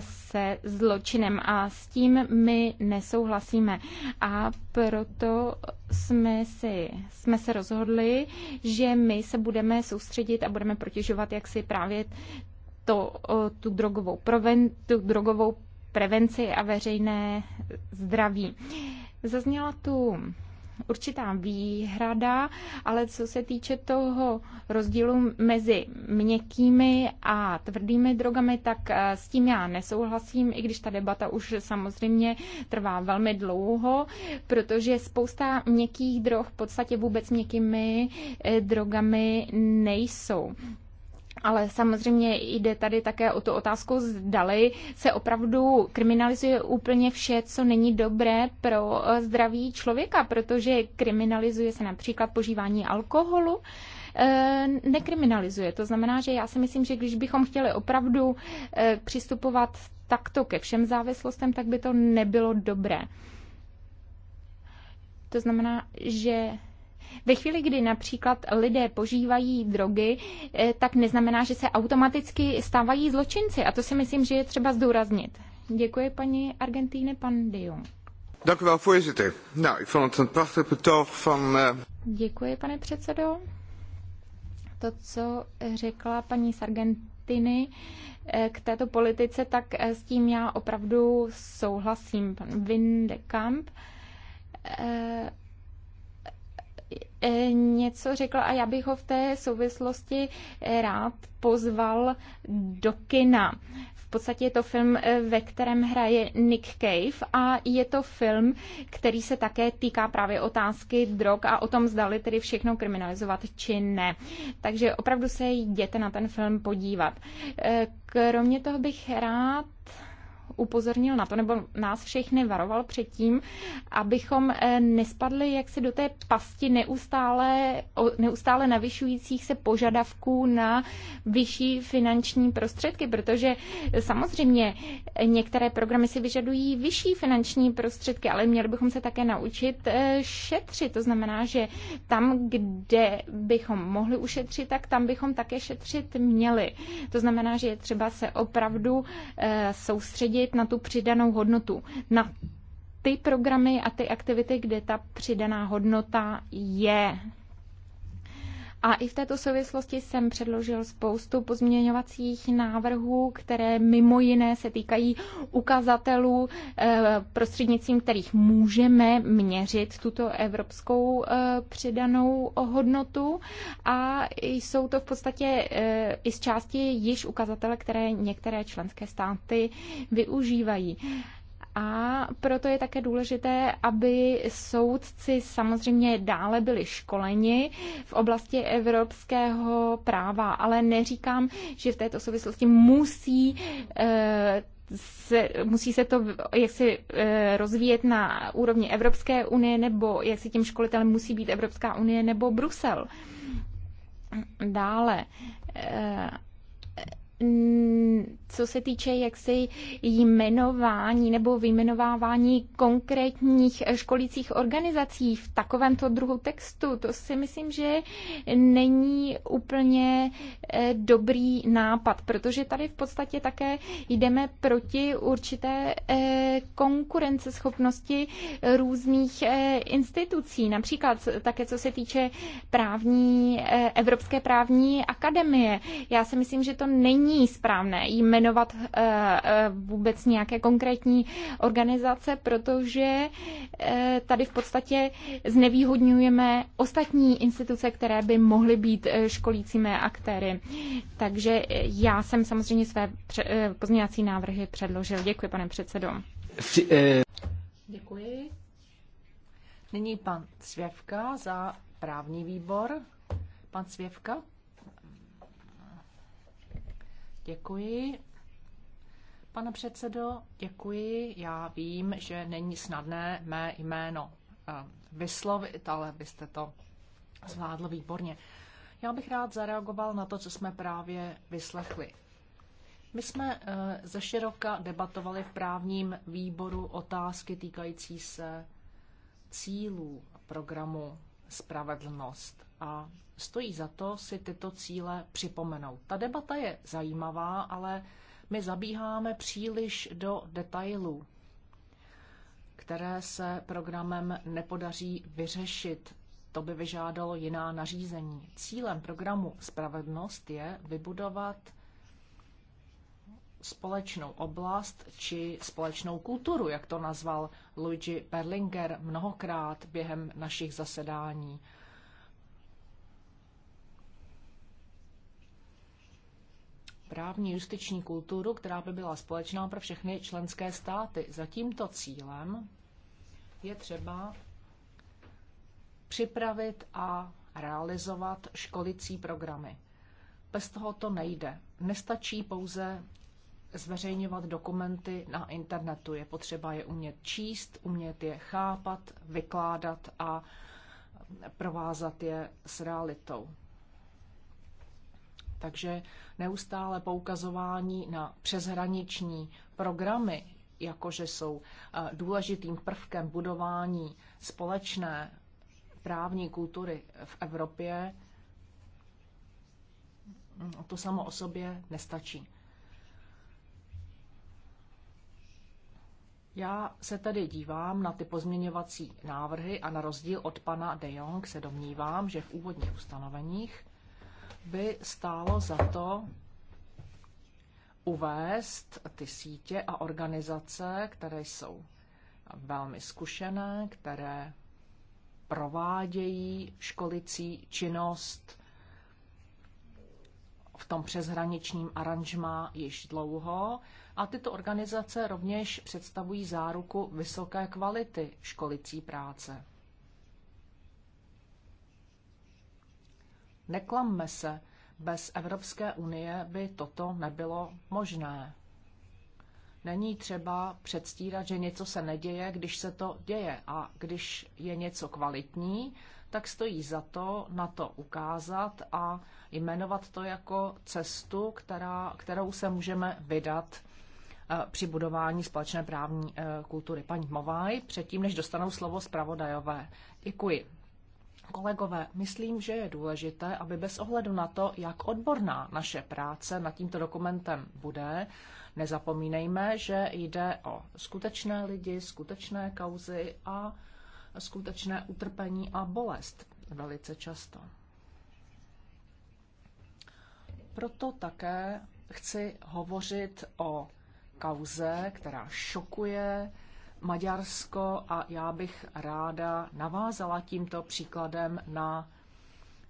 se zločinem a s tím my nesouhlasíme. A proto jsme, si, jsme se rozhodli, že my se budeme soustředit a budeme protěžovat jaksi právě to, tu, drogovou proven, tu drogovou prevenci a veřejné zdraví. Zazněla tu určitá výhrada, ale co se týče toho rozdílu mezi měkkými a tvrdými drogami, tak eh, s tím já nesouhlasím, i když ta debata už samozřejmě trvá velmi dlouho, protože spousta měkkých drog v podstatě vůbec měkkými eh, drogami nejsou. Ale samozřejmě jde tady také o tu otázku, zdali se opravdu kriminalizuje úplně vše, co není dobré pro eh, zdraví člověka, protože kriminalizuje se například požívání alkoholu, eh, nekriminalizuje. To znamená, že já si myslím, že když bychom chtěli opravdu eh, přistupovat takto ke všem závislostem, tak by to nebylo dobré. To znamená, že ve chvíli, kdy například lidé požívají drogy, eh, tak neznamená, že se automaticky stávají zločinci. A to si myslím, že je třeba zdůraznit. Děkuji paní Argentíny, pan De eh, Děkuji, pane předsedo. To, co řekla paní Sargentiny eh, k této politice, tak s tím já opravdu souhlasím. Pan Windekamp E, něco řekl a já bych ho v té souvislosti e, rád pozval do kina. V podstatě je to film, e, ve kterém hraje Nick Cave a je to film, který se také týká právě otázky drog a o tom zdali tedy všechno kriminalizovat či ne. Takže opravdu se jděte na ten film podívat. Kromě toho bych rád upozornil na to, nebo nás všechny varoval před tím, abychom eh, nespadli jaksi do té pasti neustále, neustále navyšujících se požadavků na vyšší finanční prostředky, protože samozřejmě eh, některé programy si vyžadují vyšší finanční prostředky, ale měli bychom se také naučit eh, šetřit. To znamená, že tam, kde bychom mohli ušetřit, tak tam bychom také šetřit měli. To znamená, že je třeba se opravdu soustředit soustředit na tu přidanou hodnotu, na ty programy a ty aktivity, kde ta přidaná hodnota je. A i v této souvislosti jsem předložil spoustu pozměňovacích návrhů, které mimo jiné se týkají ukazatelů, eh, prostřednictvím kterých můžeme měřit tuto evropskou eh, přidanou hodnotu. A jsou to v podstatě eh, i z části již ukazatele, které některé členské státy využívají. A proto je také důležité, aby soudci samozřejmě dále byli školeni v oblasti evropského práva, ale neříkám, že v této souvislosti musí eh, se, musí se to jak si eh, rozvíjet na úrovni Evropské unie, nebo jak si tím školitelem musí být Evropská unie nebo Brusel. Dále eh, co se týče jaksi jmenování nebo vyjmenovávání konkrétních školících organizací v takovémto druhu textu, to si myslím, že není úplně eh, dobrý nápad, protože tady v podstatě také jdeme proti určité eh, konkurenceschopnosti různých eh, institucí, například také co se týče právní, Evropské právní akademie. Já si myslím, že to není správné jmenování jmenovat eh, eh, vůbec nějaké konkrétní organizace, protože eh, tady v podstatě znevýhodňujeme ostatní instituce, které by mohly být školícími aktéry. Takže já jsem samozřejmě své pozměňovací návrhy předložil. Děkuji, pane předsedo. Děkuji. Nyní pan Cvěvka za právní výbor. Pan Cvěvka. Děkuji. Pane předsedo, děkuji. Já vím, že není snadné mé jméno eh, vyslovit, ale vy jste to zvládl výborně. Já bych rád zareagoval na to, co jsme právě vyslechli. My jsme eh, ze široka debatovali v právním výboru otázky týkající se cílů programu Spravedlnost a stojí za to si tyto cíle připomenout. Ta debata je zajímavá, ale my zabíháme příliš do detailů, které se programem nepodaří vyřešit. To by vyžádalo jiná nařízení. Cílem programu Spravedlnost je vybudovat společnou oblast či společnou kulturu, jak to nazval Luigi Berlinger mnohokrát během našich zasedání. právní justiční kulturu, která by byla společná pro všechny členské státy. Za tímto cílem je třeba připravit a realizovat školicí programy. Bez toho to nejde. Nestačí pouze zveřejňovat dokumenty na internetu. Je potřeba je umět číst, umět je chápat, vykládat a provázat je s realitou. Takže neustále poukazování na přeshraniční programy, jakože jsou eh, důležitým prvkem budování společné právní kultury v Evropě, mm, to samo o sobě nestačí. Já se tedy dívám na ty pozměňovací návrhy a na rozdíl od pana De Jong se domnívám, že v úvodních ustanoveních by stálo za to uvést ty sítě a organizace, které jsou velmi zkušené, které provádějí školicí činnost v tom přeshraničním aranžmá již dlouho a tyto organizace rovněž představují záruku vysoké kvality školicí práce. Neklamme se, bez Evropské unie by toto nebylo možné. Není třeba předstírat, že něco se neděje, když se to děje. A když je něco kvalitní, tak stojí za to na to ukázat a jmenovat to jako cestu, která, kterou se můžeme vydat eh, při budování společné právní eh, kultury. Paní Movaj, předtím, než dostanou slovo zpravodajové. Děkuji. Kolegové, myslím, že je důležité, aby bez ohledu na to, jak odborná naše práce nad tímto dokumentem bude, nezapomínejme, že jde o skutečné lidi, skutečné kauzy a skutečné utrpení a bolest velice často. Proto také chci hovořit o kauze, která šokuje Maďarsko a já bych ráda navázala tímto příkladem na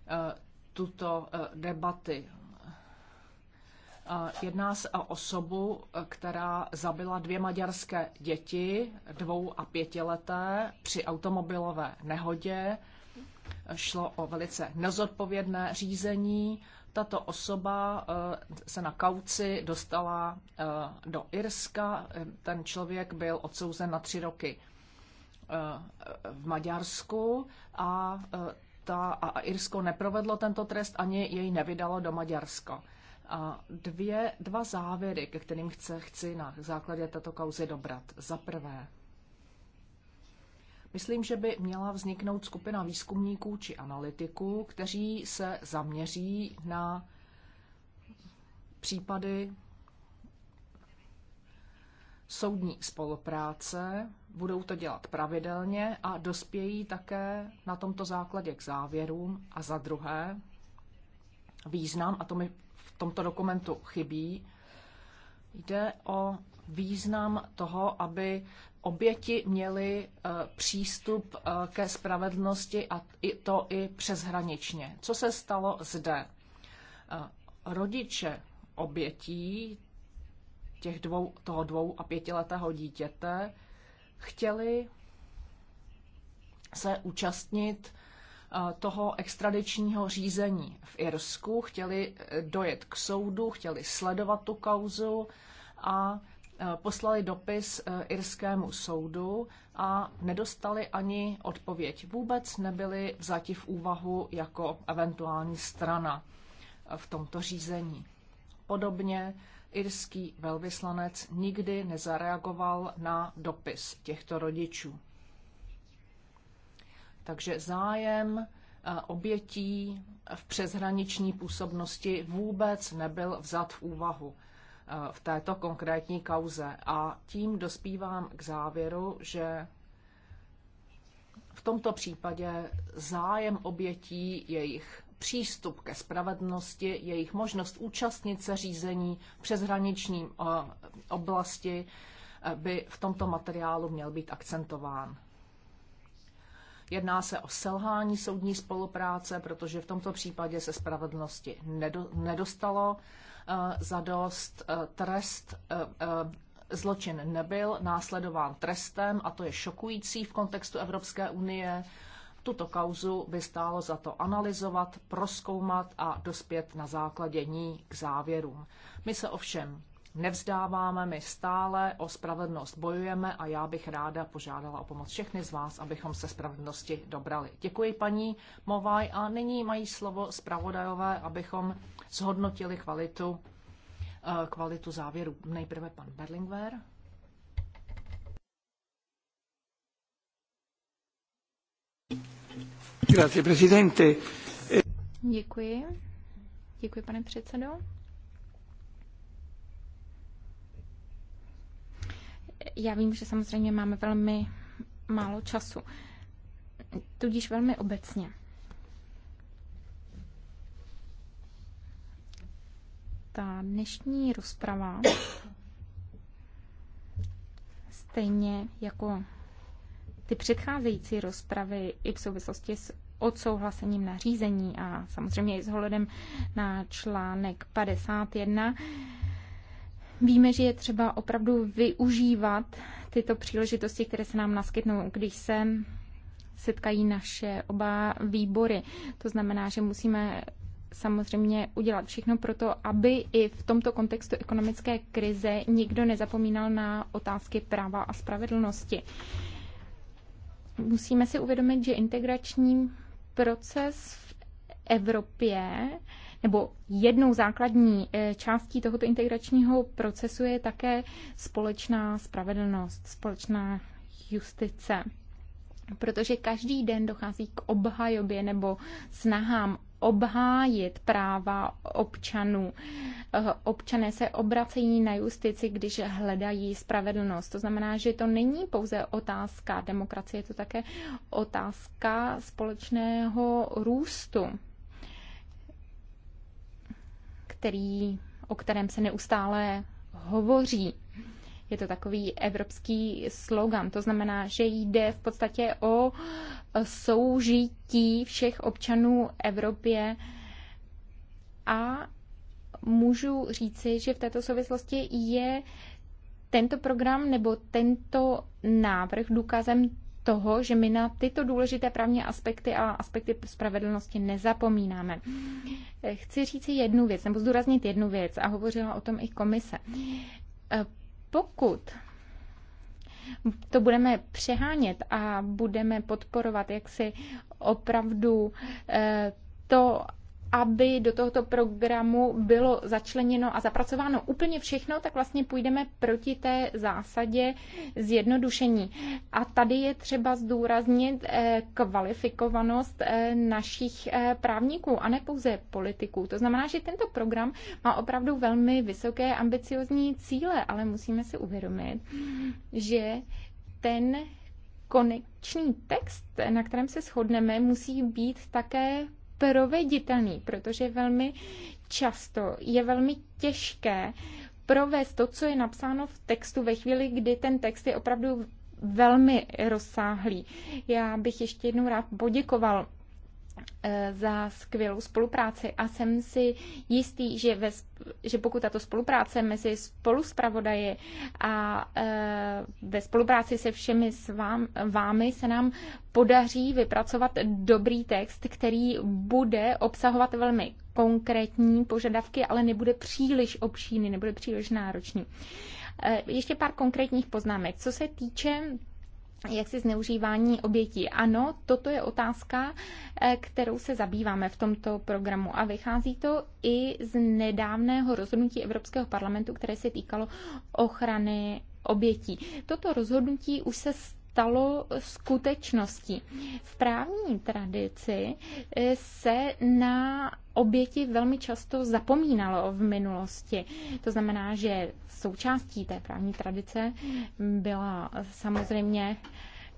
eh, tuto eh, debaty. Eh, jedná se o osobu, která zabila dvě maďarské děti, dvou a pětileté, při automobilové nehodě. Šlo o velice nezodpovědné řízení tato osoba eh, se na kauci dostala eh, do Irska. Ten člověk byl odsouzen na tři roky eh, v Maďarsku a, ta, a Irsko neprovedlo tento trest ani jej nevydalo do Maďarska. A dvě, dva závěry, ke kterým chce, chci na základě této kauzy dobrat. Za prvé, Myslím, že by měla vzniknout skupina výzkumníků či analytiků, kteří se zaměří na případy soudní spolupráce, budou to dělat pravidelně a dospějí také na tomto základě k závěrům. A za druhé, význam, a to mi v tomto dokumentu chybí, jde o význam toho, aby oběti měly eh, přístup eh, ke spravedlnosti a to i přeshraničně. Co se stalo zde? Eh, rodiče obětí těch dvou, toho dvou a pětiletého dítěte chtěli se účastnit toho extradičního řízení v Irsku, chtěli dojet k soudu, chtěli sledovat tu kauzu a Eh, poslali dopis eh, irskému soudu a nedostali ani odpověď. Vůbec nebyli vzati v úvahu jako eventuální strana eh, v tomto řízení. Podobně irský velvyslanec nikdy nezareagoval na dopis těchto rodičů. Takže zájem obětí v přeshraniční působnosti vůbec nebyl vzat v úvahu. Eh, v této konkrétní kauze. A tím dospívám k závěru, že v tomto případě zájem obětí, jejich přístup ke spravedlnosti, jejich možnost účastnit se řízení přes přeshraniční eh, oblasti eh, by v tomto materiálu měl být akcentován. Jedná se o selhání soudní spolupráce, protože v tomto případě se spravedlnosti nedostalo. Eh, zadost eh, trest eh, zločin nebyl následován trestem a to je šokující v kontextu Evropské unie. Tuto kauzu by stálo za to analyzovat, proskoumat a dospět na základě ní k závěrům. My se ovšem nevzdáváme, my stále o spravedlnost bojujeme a já bych ráda požádala o pomoc všechny z vás, abychom se spravedlnosti dobrali. Děkuji paní Movaj a nyní mají slovo zpravodajové, abychom zhodnotili kvalitu, eh, kvalitu závěru. Nejprve pan Berlingwer. Grazie, Děkuji. Děkuji, pane předsedo. Já vím, že samozřejmě máme velmi málo času, tudíž velmi obecně. Ta dnešní rozprava, stejně jako ty předcházející rozpravy i v souvislosti s odsouhlasením nařízení a samozřejmě i s hledem na článek 51, Víme, že je třeba opravdu využívat tyto příležitosti, které se nám naskytnou, když se setkají naše oba výbory. To znamená, že musíme samozřejmě udělat všechno pro to, aby i v tomto kontextu ekonomické krize nikdo nezapomínal na otázky práva a spravedlnosti. Musíme si uvědomit, že integrační proces v Evropě nebo jednou základní eh, částí tohoto integračního procesu je také společná spravedlnost, společná justice. Protože každý den dochází k obhajobě nebo snahám obhájit práva občanů. Eh, občané se obracejí na justici, když hledají spravedlnost. To znamená, že to není pouze otázka demokracie, je to také otázka společného růstu který, o kterém se neustále hovoří. Je to takový evropský slogan, to znamená, že jde v podstatě o soužití všech občanů Evropě a můžu říci, že v této souvislosti je tento program nebo tento návrh důkazem toho, že my na tyto důležité právní aspekty a aspekty spravedlnosti nezapomínáme. Chci říct jednu věc, nebo zdůraznit jednu věc, a hovořila o tom i komise. Eh, pokud to budeme přehánět a budeme podporovat jaksi opravdu eh, to, aby do tohoto programu bylo začleněno a zapracováno úplně všechno, tak vlastně půjdeme proti té zásadě zjednodušení. A tady je třeba zdůraznit eh, kvalifikovanost eh, našich eh, právníků a ne pouze politiků. To znamená, že tento program má opravdu velmi vysoké ambiciozní cíle, ale musíme si uvědomit, že ten konečný text, na kterém se shodneme, musí být také proveditelný, protože velmi často je velmi těžké provést to, co je napsáno v textu ve chvíli, kdy ten text je opravdu velmi rozsáhlý. Já bych ještě jednou rád poděkoval Eh, za skvělou spolupráci a jsem si jistý, že, ve, že pokud tato spolupráce mezi spoluspravodaji a e, ve spolupráci se všemi s vám, vámi se nám podaří vypracovat dobrý text, který bude obsahovat velmi konkrétní požadavky, ale nebude příliš obšíny, nebude příliš náročný. E, ještě pár konkrétních poznámek. Co se týče jaksi zneužívání obětí. Ano, toto je otázka, eh, kterou se zabýváme v tomto programu a vychází to i z nedávného rozhodnutí Evropského parlamentu, které se týkalo ochrany obětí. Toto rozhodnutí už se stalo skutečností. V právní tradici eh, se na oběti velmi často zapomínalo v minulosti. To znamená, že součástí té právní tradice byla samozřejmě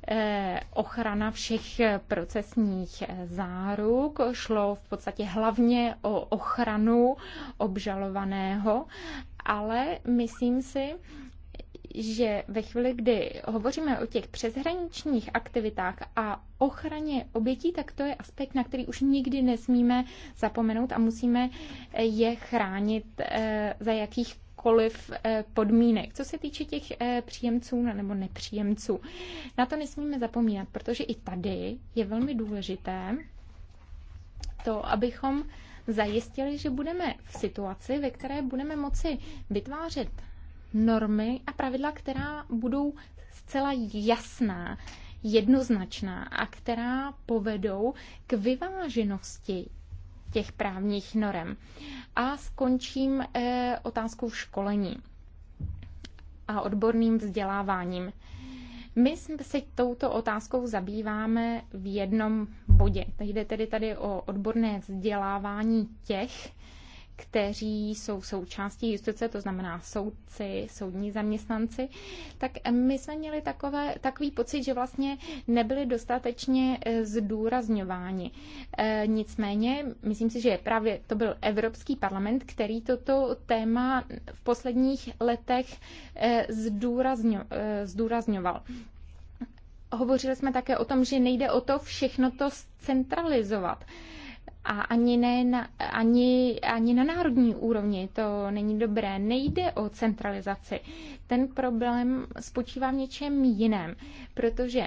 eh, ochrana všech procesních eh, záruk. Šlo v podstatě hlavně o ochranu obžalovaného, ale myslím si, že ve chvíli, kdy hovoříme o těch přeshraničních aktivitách a ochraně obětí, tak to je aspekt, na který už nikdy nesmíme zapomenout a musíme eh, je chránit eh, za jakých jakýchkoliv eh, podmínek, co se týče těch příjemců nebo nepříjemců. Na to nesmíme zapomínat, protože i tady je velmi důležité to, abychom zajistili, že budeme v situaci, ve které budeme moci vytvářet normy a pravidla, která budou zcela jasná, jednoznačná a která povedou k vyváženosti těch právních norem. A skončím eh, otázkou školení a odborným vzděláváním. My se touto otázkou zabýváme v jednom bodě. Jde tedy tady o odborné vzdělávání těch, kteří jsou součástí justice, to znamená soudci, soudní zaměstnanci, tak my jsme měli takové, takový pocit, že vlastně nebyli dostatečně eh, zdůrazňováni. Eh, nicméně, myslím si, že právě to byl Evropský parlament, který toto téma v posledních letech eh, zdůrazňo, zdůrazňoval. Hovořili jsme také o tom, že nejde o to všechno to centralizovat a ani, ne na, ani, ani na národní úrovni to není dobré. Nejde o centralizaci. Ten problém spočívá v něčem jiném, protože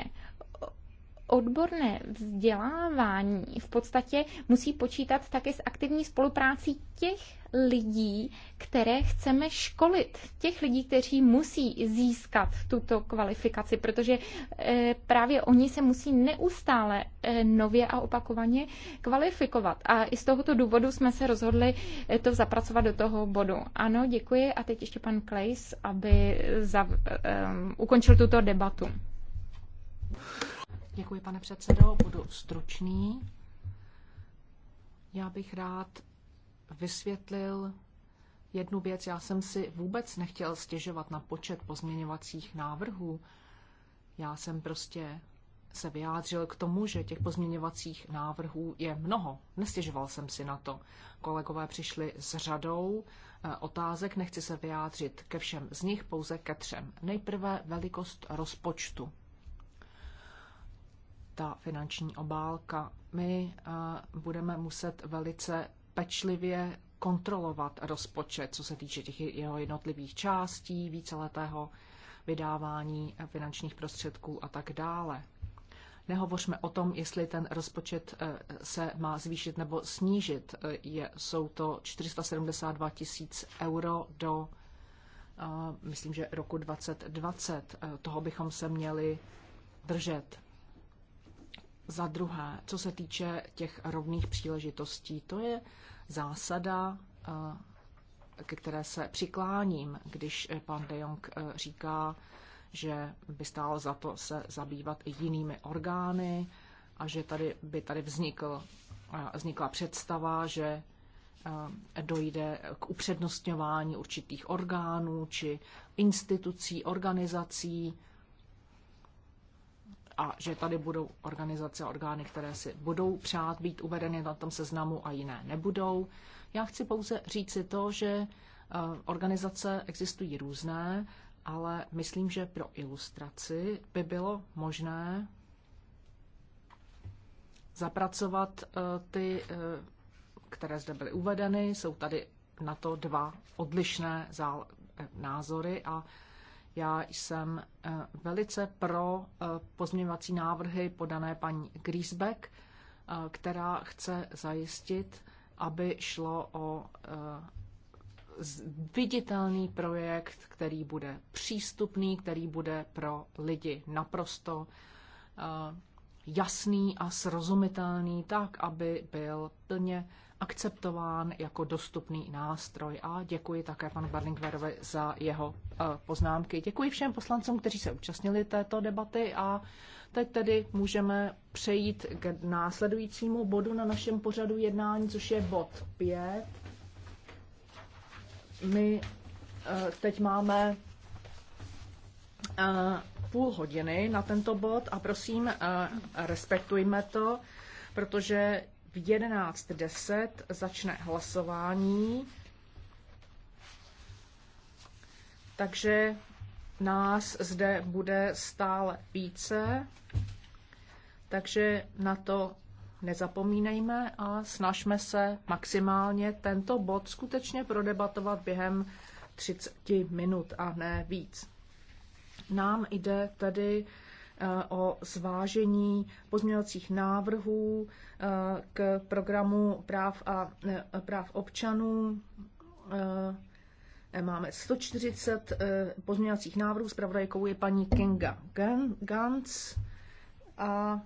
odborné vzdělávání v podstatě musí počítat také s aktivní spoluprácí těch lidí, které chceme školit, těch lidí, kteří musí získat tuto kvalifikaci, protože eh, právě oni se musí neustále eh, nově a opakovaně kvalifikovat. A i z tohoto důvodu jsme se rozhodli eh, to zapracovat do toho bodu. Ano, děkuji. A teď ještě pan Klejs, aby zav, um, ukončil tuto debatu. Děkuji, pane předsedo. Budu stručný. Já bych rád vysvětlil jednu věc. Já jsem si vůbec nechtěl stěžovat na počet pozměňovacích návrhů. Já jsem prostě se vyjádřil k tomu, že těch pozměňovacích návrhů je mnoho. Nestěžoval jsem si na to. Kolegové přišli s řadou eh, otázek, nechci se vyjádřit ke všem z nich, pouze ke třem. Nejprve velikost rozpočtu ta finanční obálka. My eh, budeme muset velice pečlivě kontrolovat rozpočet, co se týče těch jeho jednotlivých částí, víceletého vydávání finančních prostředků a tak dále. Nehovořme o tom, jestli ten rozpočet eh, se má zvýšit nebo snížit. Eh, je, jsou to 472 tisíc euro do, myslím, že roku 2020. Toho bychom se měli držet. Za druhé, co se týče těch rovných příležitostí, to je zásada, eh, ke které se přikláním, když eh, pan De Jong eh, říká, že by stálo za to se zabývat i jinými orgány a že tady by tady vznikl, vznikla představa, že dojde k upřednostňování určitých orgánů či institucí, organizací, a že tady budou organizace a orgány, které si budou přát být uvedeny na tom seznamu a jiné nebudou. Já chci pouze říci to, že eh, organizace existují různé, ale myslím, že pro ilustraci by bylo možné zapracovat eh, ty, eh, které zde byly uvedeny. Jsou tady na to dva odlišné názory a já jsem eh, velice pro eh, pozměňovací návrhy podané paní Griesbeck, eh, která chce zajistit, aby šlo o viditelný projekt, který bude přístupný, který bude pro lidi naprosto jasný a srozumitelný, tak, aby byl plně akceptován jako dostupný nástroj. A děkuji také panu Barlingverovi za jeho eh, poznámky. Děkuji všem poslancům, kteří se účastnili této debaty a teď tedy můžeme přejít k následujícímu bodu na našem pořadu jednání, což je bod 5. My eh, teď máme eh, půl hodiny na tento bod a prosím, respektujme to, protože v 11.10 začne hlasování, takže nás zde bude stále více, takže na to nezapomínejme a snažme se maximálně tento bod skutečně prodebatovat během 30 minut a ne víc. Nám jde tedy o zvážení pozměňovacích návrhů eh, k programu práv a eh, práv občanů. Eh, máme 140 pozměňovacích návrhů, zpravodajkou je paní Kinga Gantz a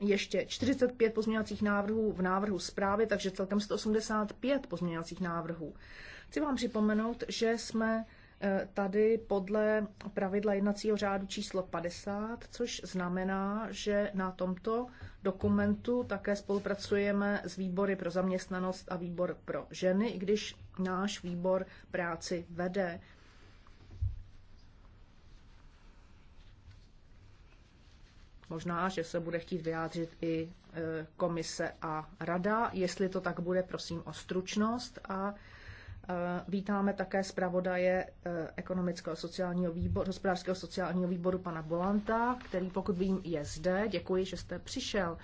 ještě 45 pozměňovacích návrhů v návrhu zprávy, takže celkem 185 pozměňovacích návrhů. Chci vám připomenout, že jsme tady podle pravidla jednacího řádu číslo 50, což znamená, že na tomto dokumentu také spolupracujeme s výbory pro zaměstnanost a výbor pro ženy, i když náš výbor práci vede. Možná, že se bude chtít vyjádřit i e, komise a rada. Jestli to tak bude, prosím o stručnost a Eh, vítáme také zpravodaje eh, ekonomického sociálního výboru, hospodářského sociálního výboru pana Bolanta, který pokud vím je zde. Děkuji, že jste přišel.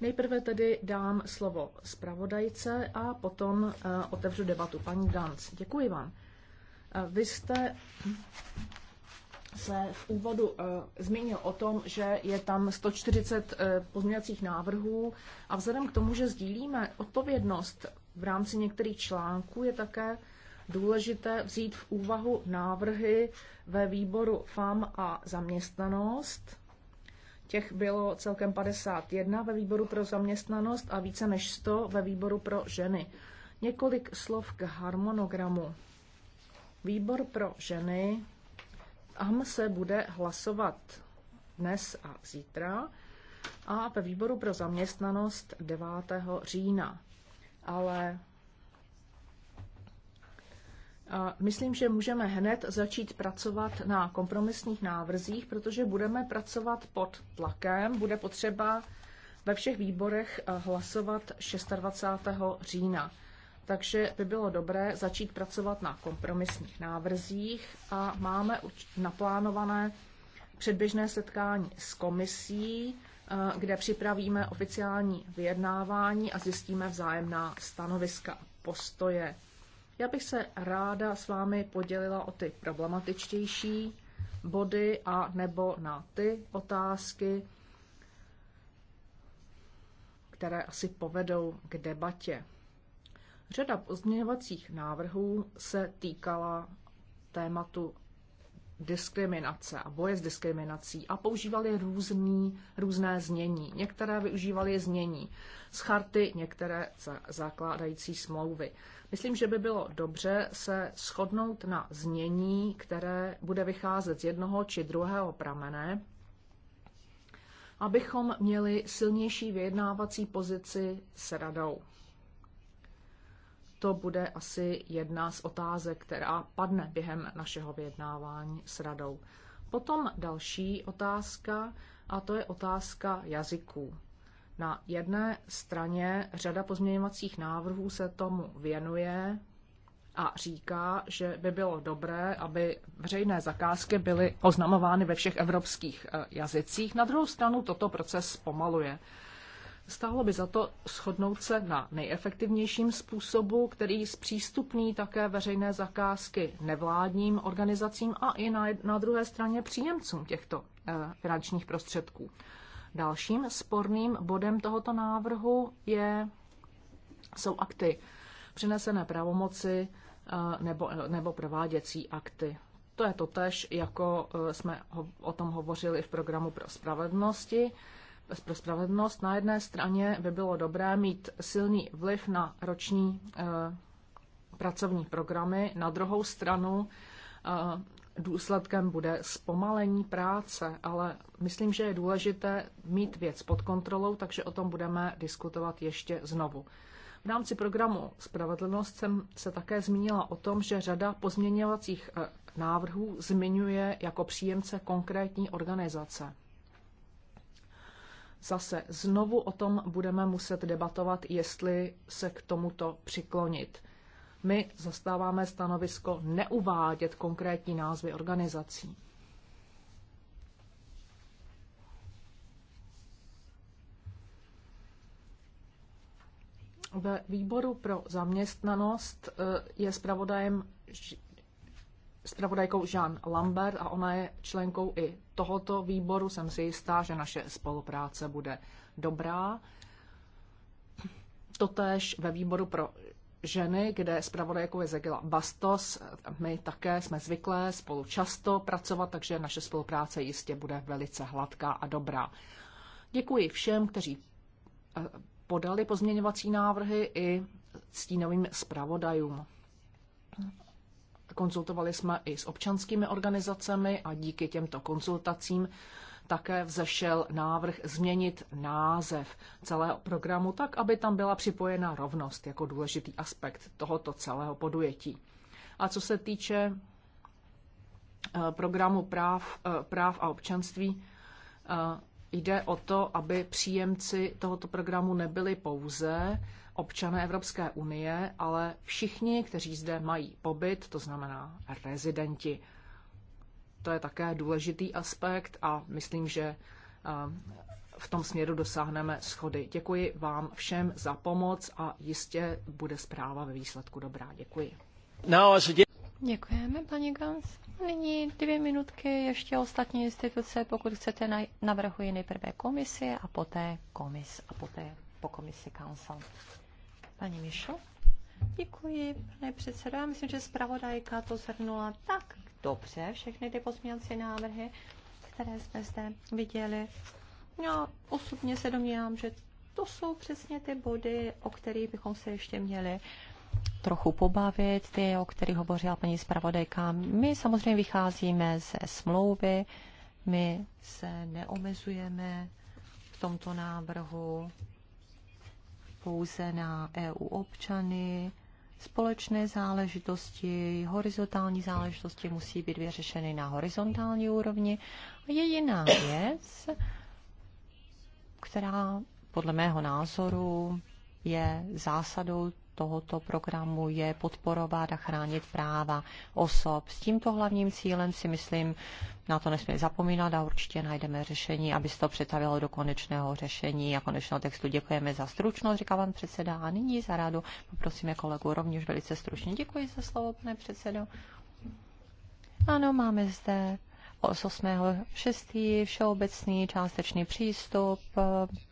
Nejprve tedy dám slovo zpravodajce a potom eh, otevřu debatu. Paní Gans. děkuji vám. Vy jste se v úvodu uh, zmínil o tom, že je tam 140 uh, eh, pozměňovacích návrhů a vzhledem k tomu, že sdílíme odpovědnost v rámci některých článků, je také důležité vzít v úvahu návrhy ve výboru FAM a zaměstnanost. Těch bylo celkem 51 ve výboru pro zaměstnanost a více než 100 ve výboru pro ženy. Několik slov k harmonogramu. Výbor pro ženy AM se bude hlasovat dnes a zítra a ve výboru pro zaměstnanost 9. října. Ale Myslím, že můžeme hned začít pracovat na kompromisních návrzích, protože budeme pracovat pod tlakem. Bude potřeba ve všech výborech hlasovat 26. října. Takže by bylo dobré začít pracovat na kompromisních návrzích a máme naplánované předběžné setkání s komisí, eh, kde připravíme oficiální vyjednávání a zjistíme vzájemná stanoviska a postoje. Já bych se ráda s vámi podělila o ty problematičtější body a nebo na ty otázky, které asi povedou k debatě. Řada pozměňovacích návrhů se týkala tématu diskriminace a boje s diskriminací a používali různý, různé znění. Některé využívali znění z charty, některé za, zakládající smlouvy. Myslím, že by bylo dobře se shodnout na znění, které bude vycházet z jednoho či druhého pramene, abychom měli silnější vyjednávací pozici s radou to bude asi jedna z otázek, která padne během našeho vyjednávání s radou. Potom další otázka, a to je otázka jazyků. Na jedné straně řada pozměňovacích návrhů se tomu věnuje a říká, že by bylo dobré, aby veřejné zakázky byly oznamovány ve všech evropských eh, jazycích. Na druhou stranu toto proces pomaluje. Stálo by za to shodnout se na nejefektivnějším způsobu, který zpřístupní také veřejné zakázky nevládním organizacím a i na, na druhé straně příjemcům těchto eh, finančních prostředků. Dalším sporným bodem tohoto návrhu je, jsou akty přinesené pravomoci eh, nebo, nebo prováděcí akty. To je totež, jako eh, jsme o tom hovořili v programu pro spravedlnosti pro spravedlnost. Na jedné straně by bylo dobré mít silný vliv na roční eh, pracovní programy, na druhou stranu eh, důsledkem bude zpomalení práce, ale myslím, že je důležité mít věc pod kontrolou, takže o tom budeme diskutovat ještě znovu. V rámci programu Spravedlnost jsem se také zmínila o tom, že řada pozměňovacích eh, návrhů zmiňuje jako příjemce konkrétní organizace zase znovu o tom budeme muset debatovat, jestli se k tomuto přiklonit. My zastáváme stanovisko neuvádět konkrétní názvy organizací. Ve výboru pro zaměstnanost eh, je zpravodajem spravodajkou Jean Lambert a ona je členkou i tohoto výboru. Jsem si jistá, že naše spolupráce bude dobrá. Totež ve výboru pro ženy, kde zpravodajkou je Zegila Bastos. My také jsme zvyklé spolu často pracovat, takže naše spolupráce jistě bude velice hladká a dobrá. Děkuji všem, kteří eh, podali pozměňovací návrhy i stínovým zpravodajům. Konzultovali jsme i s občanskými organizacemi a díky těmto konzultacím také vzešel návrh změnit název celého programu tak, aby tam byla připojena rovnost jako důležitý aspekt tohoto celého podujetí. A co se týče eh, programu práv, eh, práv a občanství, eh, jde o to, aby příjemci tohoto programu nebyli pouze občané Evropské unie, ale všichni, kteří zde mají pobyt, to znamená rezidenti. To je také důležitý aspekt a myslím, že ehm, v tom směru dosáhneme schody. Děkuji vám všem za pomoc a jistě bude zpráva ve výsledku dobrá. Děkuji. No, Děkujeme, paní Gans. Nyní dvě minutky ještě ostatní instituce, pokud chcete, navrhuji nejprve komisi a poté komis a poté po komisi council. Paní Mišo? Děkuji, pane předsedo. Já myslím, že zpravodajka to zhrnula tak dobře, všechny ty pozměňovací návrhy, které jsme zde viděli. Já osobně se domnívám, že to jsou přesně ty body, o kterých bychom se ještě měli trochu pobavit, ty, o kterých hovořila paní zpravodajka. My samozřejmě vycházíme ze smlouvy, my se neomezujeme v tomto návrhu pouze na EU občany, společné záležitosti, horizontální záležitosti musí být vyřešeny na horizontální úrovni. A je jiná věc, která podle mého názoru je zásadou tohoto programu je podporovat a chránit práva osob. S tímto hlavním cílem si myslím, na to nesmíme zapomínat a určitě najdeme řešení, aby se to přetavilo do konečného řešení a konečného textu. Děkujeme za stručnost, říká pan předseda. A nyní za rádu poprosíme kolegu rovněž velice stručně. Děkuji za slovo, pane předsedo. Ano, máme zde z 8.6. všeobecný částečný přístup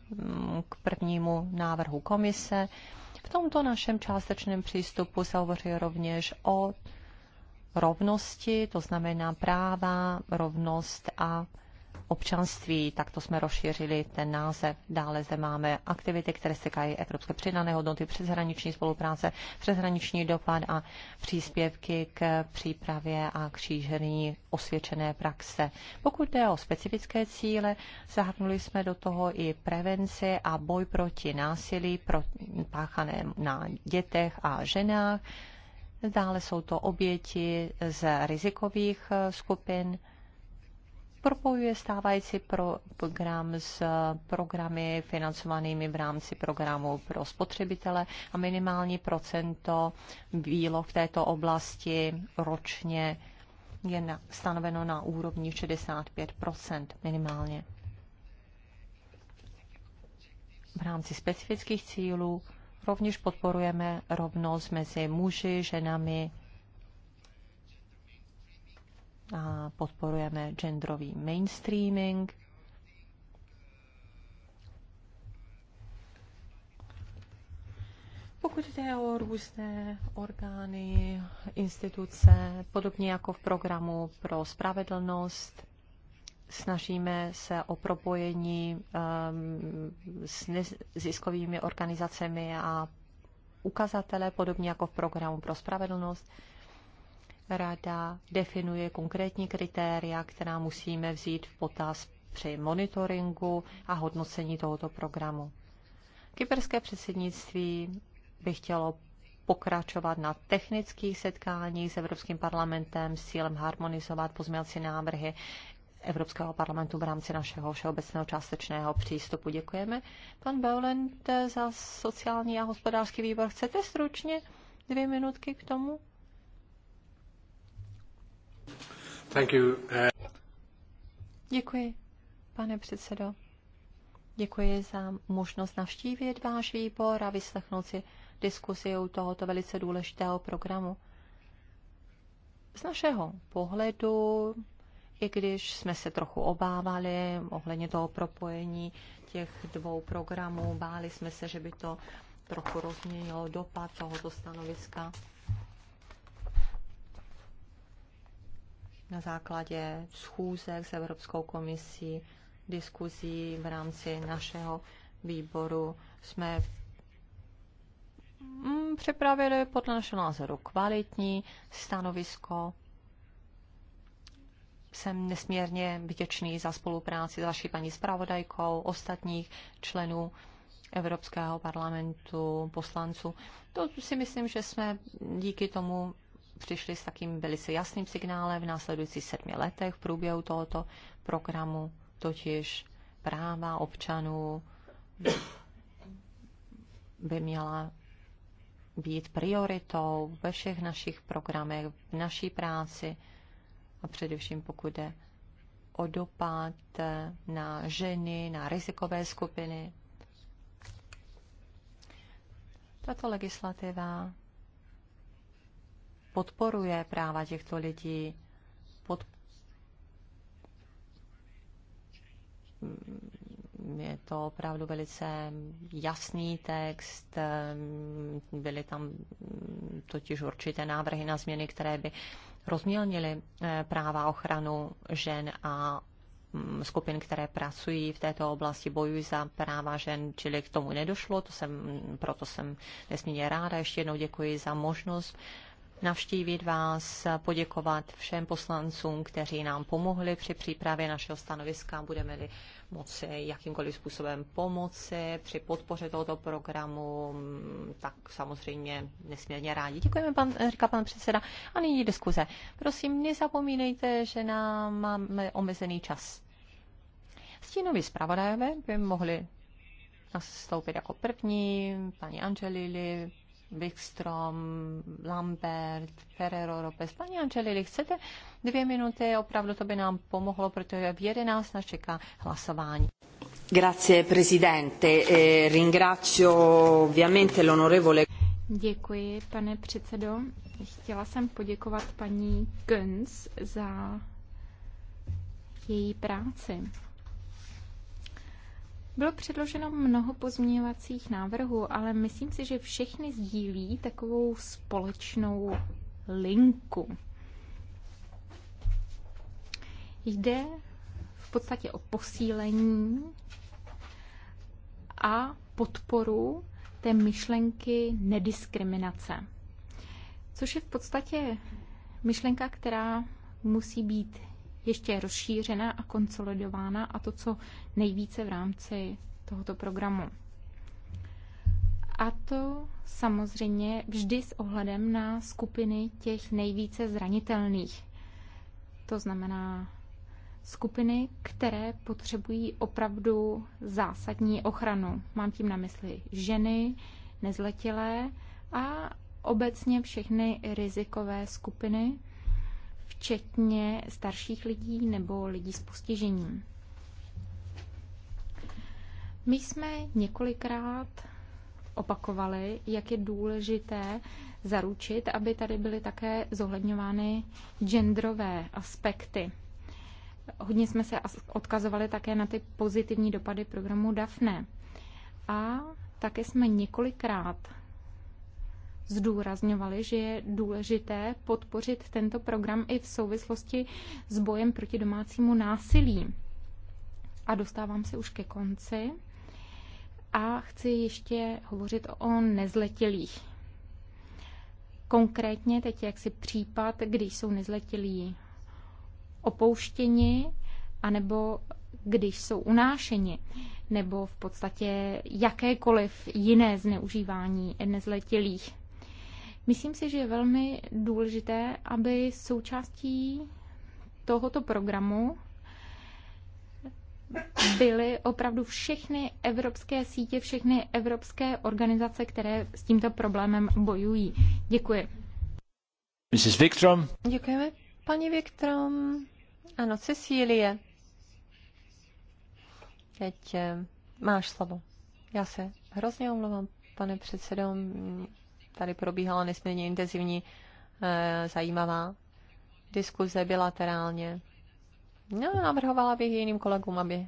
mm, k prvnímu návrhu komise. V tomto našem částečném přístupu se hovoří rovněž o rovnosti, to znamená práva, rovnost a občanství, tak to jsme rozšířili ten název. Dále zde máme aktivity, které se týkají evropské přidané hodnoty, přeshraniční spolupráce, přeshraniční dopad a příspěvky k přípravě a k šíření osvědčené praxe. Pokud jde o specifické cíle, zahrnuli jsme do toho i prevenci a boj proti násilí pro, páchané na dětech a ženách. Dále jsou to oběti z rizikových skupin propojuje stávající program s eh, programy financovanými v rámci programu pro spotřebitele a minimální procento výloh v této oblasti ročně je na, stanoveno na úrovni 65 minimálně. V rámci specifických cílů rovněž podporujeme rovnost mezi muži, ženami, a podporujeme genderový mainstreaming. Pokud jde o různé orgány, instituce, podobně jako v programu pro spravedlnost, snažíme se o propojení um, s neziskovými organizacemi a ukazatele, podobně jako v programu pro spravedlnost rada definuje konkrétní kritéria, která musíme vzít v potaz při monitoringu a hodnocení tohoto programu. Kyperské předsednictví by chtělo pokračovat na technických setkáních s Evropským parlamentem s cílem harmonizovat pozměňovací návrhy Evropského parlamentu v rámci našeho všeobecného částečného přístupu. Děkujeme. Pan Beulent za sociální a hospodářský výbor, chcete stručně dvě minutky k tomu? Eh. Děkuji, pane předsedo. Děkuji za možnost navštívit váš výbor a vyslechnout si diskusi u tohoto velice důležitého programu. Z našeho pohledu, i když jsme se trochu obávali ohledně toho propojení těch dvou programů, báli jsme se, že by to trochu rozměnilo dopad tohoto stanoviska. na základě schůzek s Evropskou komisí, diskuzí v rámci našeho výboru jsme mm, připravili podle našeho názoru kvalitní stanovisko. Jsem nesmírně vděčný za spolupráci s vaší paní zpravodajkou, ostatních členů Evropského parlamentu, poslanců. To si myslím, že jsme díky tomu přišli s takým velice jasným signálem v následujících sedmi letech v průběhu tohoto programu, totiž práva občanů by měla být prioritou ve všech našich programech, v naší práci a především pokud jde o dopad na ženy, na rizikové skupiny. Tato legislativa podporuje práva těchto lidí, pod... je to opravdu velice jasný text, ehm, byly tam totiž určité návrhy na změny, které by rozmělnily eh, práva ochranu žen a mm, skupin, které pracují v této oblasti, bojují za práva žen, čili k tomu nedošlo, to jsem, proto jsem nesmírně ráda. Ještě jednou děkuji za možnost navštívit vás, poděkovat všem poslancům, kteří nám pomohli při přípravě našeho stanoviska. Budeme-li moci jakýmkoliv způsobem pomoci při podpoře tohoto programu, tak samozřejmě nesmírně rádi. Děkujeme, pan, říká pan předseda. A nyní diskuze. Prosím, nezapomínejte, že nám máme omezený čas. Stínovi zpravodajové by mohli nastoupit jako první, paní Angelili, Wikstrom, Lambert, Ferrero, Ropes. Paní Angelili, chcete dvě minuty? Opravdu to by nám pomohlo, protože v 11 nás čeká hlasování. Grazie, presidente. E, ringrazio ovviamente l'onorevole. Děkuji, pane předsedo. Chtěla jsem poděkovat paní Gönz za její práci. Bylo předloženo mnoho pozměňovacích návrhů, ale myslím si, že všechny sdílí takovou společnou linku. Jde v podstatě o posílení a podporu té myšlenky nediskriminace. Což je v podstatě myšlenka, která musí být ještě rozšířena a konsolidována a to, co nejvíce v rámci tohoto programu. A to samozřejmě vždy s ohledem na skupiny těch nejvíce zranitelných. To znamená skupiny, které potřebují opravdu zásadní ochranu. Mám tím na mysli ženy, nezletilé a obecně všechny rizikové skupiny, včetně starších lidí nebo lidí s postižením. My jsme několikrát opakovali, jak je důležité zaručit, aby tady byly také zohledňovány genderové aspekty. Hodně jsme se odkazovali také na ty pozitivní dopady programu DAFNE. A také jsme několikrát zdůrazňovali, že je důležité podpořit tento program i v souvislosti s bojem proti domácímu násilí. A dostávám se už ke konci a chci ještě hovořit o nezletilých. Konkrétně teď jaksi případ, když jsou nezletilí opouštěni, anebo když jsou unášeni, nebo v podstatě jakékoliv jiné zneužívání nezletilých. Myslím si, že je velmi důležité, aby součástí tohoto programu byly opravdu všechny evropské sítě, všechny evropské organizace, které s tímto problémem bojují. Děkuji. Mrs. Vikram. Děkujeme, paní Vikram. Ano, Cecílie. Teď eh, máš slovo. Já se hrozně omlouvám, pane předsedo. Tady probíhala nesmírně intenzivní, eh, zajímavá diskuze bilaterálně. No, navrhovala bych jiným kolegům, aby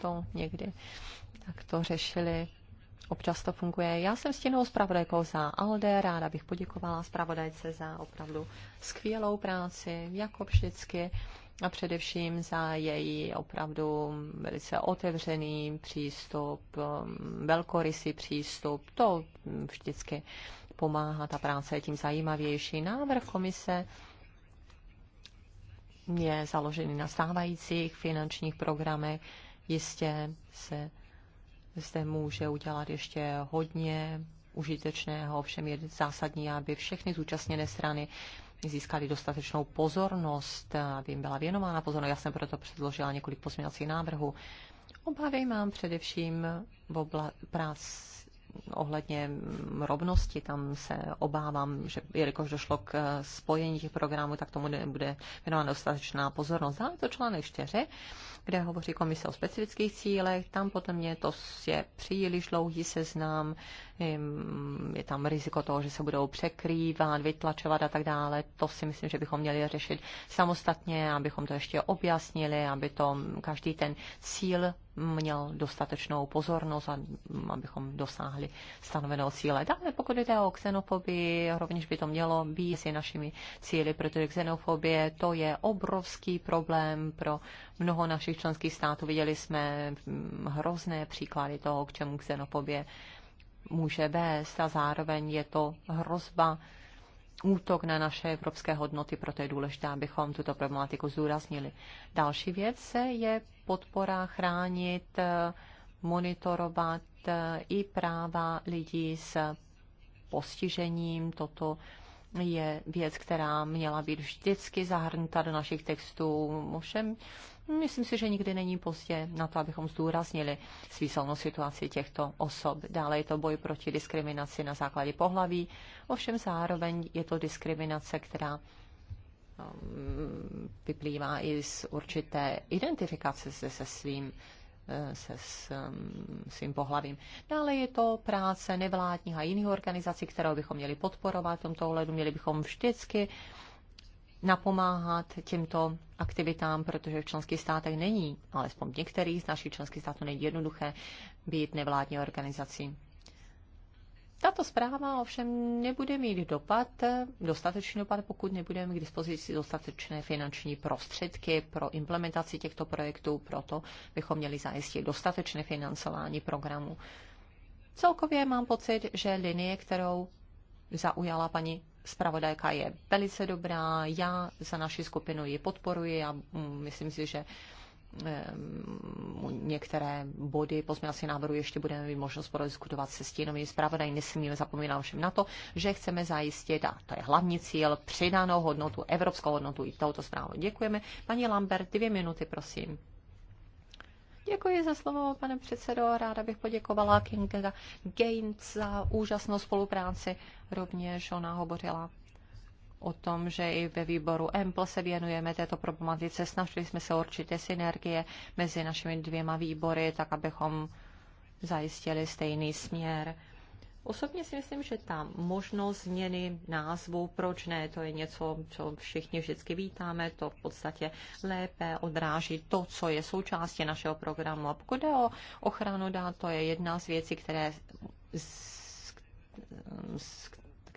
to někdy tak to řešili. Občas to funguje. Já jsem stěnou zpravodajkou za ALDE, ráda bych poděkovala zpravodajce za opravdu skvělou práci, jako vždycky a především za její opravdu velice otevřený přístup, um, velkorysý přístup. To vždycky pomáhá, ta práce je tím zajímavější. Návrh komise je založený na stávajících finančních programech. Jistě se zde může udělat ještě hodně užitečného, ovšem je zásadní, aby všechny zúčastněné strany získali dostatečnou pozornost, aby jim byla věnována pozornost. Já jsem proto předložila několik pozměňovacích návrhů. Obavy mám především v obla- ohledně rovnosti, tam se obávám, že jelikož došlo k spojení těch programů, tak tomu nebude věnována dostatečná pozornost. Ale to článek 4, kde hovoří komise o specifických cílech, tam podle mě to je příliš dlouhý seznam, je tam riziko toho, že se budou překrývat, vytlačovat a tak dále. To si myslím, že bychom měli řešit samostatně, abychom to ještě objasnili, aby to každý ten cíl měl dostatečnou pozornost, a mm, abychom dosáhli stanoveného cíle. Dále, pokud jde o xenofobii, rovněž by to mělo být si našimi cíly, protože xenofobie to je obrovský problém pro mnoho našich členských států. Viděli jsme mm, hrozné příklady toho, k čemu xenofobie může vést a zároveň je to hrozba útok na naše evropské hodnoty, proto je důležité, abychom tuto problematiku zúraznili. Další věc je podpora, chránit, eh, monitorovat eh, i práva lidí s postižením. Toto je věc, která měla být vždycky zahrnuta do našich textů. Ovšem, myslím si, že nikdy není pozdě na to, abychom zdůraznili svízelnou situaci těchto osob. Dále je to boj proti diskriminaci na základě pohlaví, ovšem zároveň je to diskriminace, která Um, vyplývá i z určité identifikace se, se svým eh, se s, um, svým pohlavím. Dále je to práce nevládních a jiných organizací, kterou bychom měli podporovat v tomto ohledu. Měli bychom vždycky napomáhat těmto aktivitám, protože v členských státech není, alespoň v některých z našich členských států není jednoduché být nevládní organizací. Tato zpráva ovšem nebude mít dopad, dostatečný dopad, pokud nebudeme k dispozici dostatečné finanční prostředky pro implementaci těchto projektů, proto bychom měli zajistit dostatečné financování programu. Celkově mám pocit, že linie, kterou zaujala paní zpravodajka, je velice dobrá. Já za naši skupinu ji podporuji a mm, myslím si, že Ehm, některé body pozměňovací návrhu ještě budeme mít možnost prodiskutovat se stínovými zpravodají. Nesmíme zapomínat všem na to, že chceme zajistit, a to je hlavní cíl, přidanou hodnotu, evropskou hodnotu i touto zprávu. Děkujeme. Paní Lambert, dvě minuty, prosím. Děkuji za slovo, pane předsedo. Ráda bych poděkovala Kinga Gaines za úžasnou spolupráci. Rovněž ona hovořila o tom, že i ve výboru EMPL se věnujeme této problematice. Snažili jsme se určité synergie mezi našimi dvěma výbory, tak abychom zajistili stejný směr. Osobně si myslím, že ta možnost změny názvu, proč ne, to je něco, co všichni vždycky vítáme, to v podstatě lépe odráží to, co je součástí našeho programu. A pokud je o ochranu dát, to je jedna z věcí, které z, z,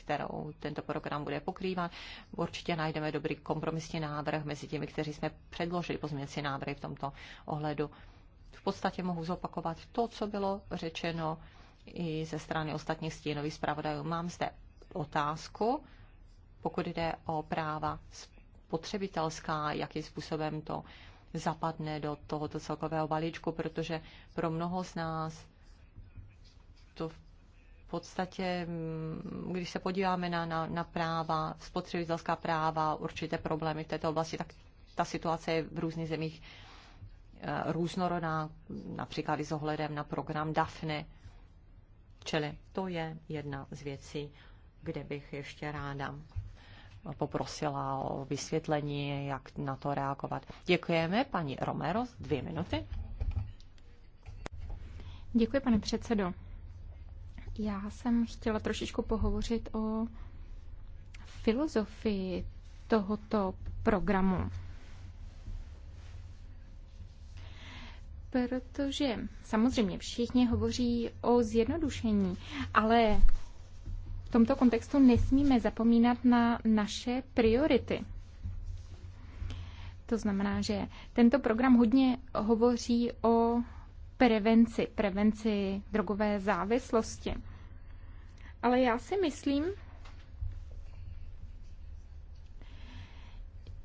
kterou tento program bude pokrývat. Určitě najdeme dobrý kompromisní návrh mezi těmi, kteří jsme předložili pozměňovací návrhy v tomto ohledu. V podstatě mohu zopakovat to, co bylo řečeno i ze strany ostatních stínových zpravodajů. Mám zde otázku, pokud jde o práva spotřebitelská, jakým způsobem to zapadne do tohoto celkového balíčku, protože pro mnoho z nás to v podstatě, když se podíváme na, na, na práva, spotřebitelská práva, určité problémy v této oblasti, tak ta situace je v různých zemích eh, různorodá, například i s ohledem na program DAFNE. Čili to je jedna z věcí, kde bych ještě ráda poprosila o vysvětlení, jak na to reagovat. Děkujeme, paní Romero, dvě minuty. Děkuji, pane předsedo. Já jsem chtěla trošičku pohovořit o filozofii tohoto programu. Protože samozřejmě všichni hovoří o zjednodušení, ale v tomto kontextu nesmíme zapomínat na naše priority. To znamená, že tento program hodně hovoří o prevenci, prevenci drogové závislosti. Ale já si myslím,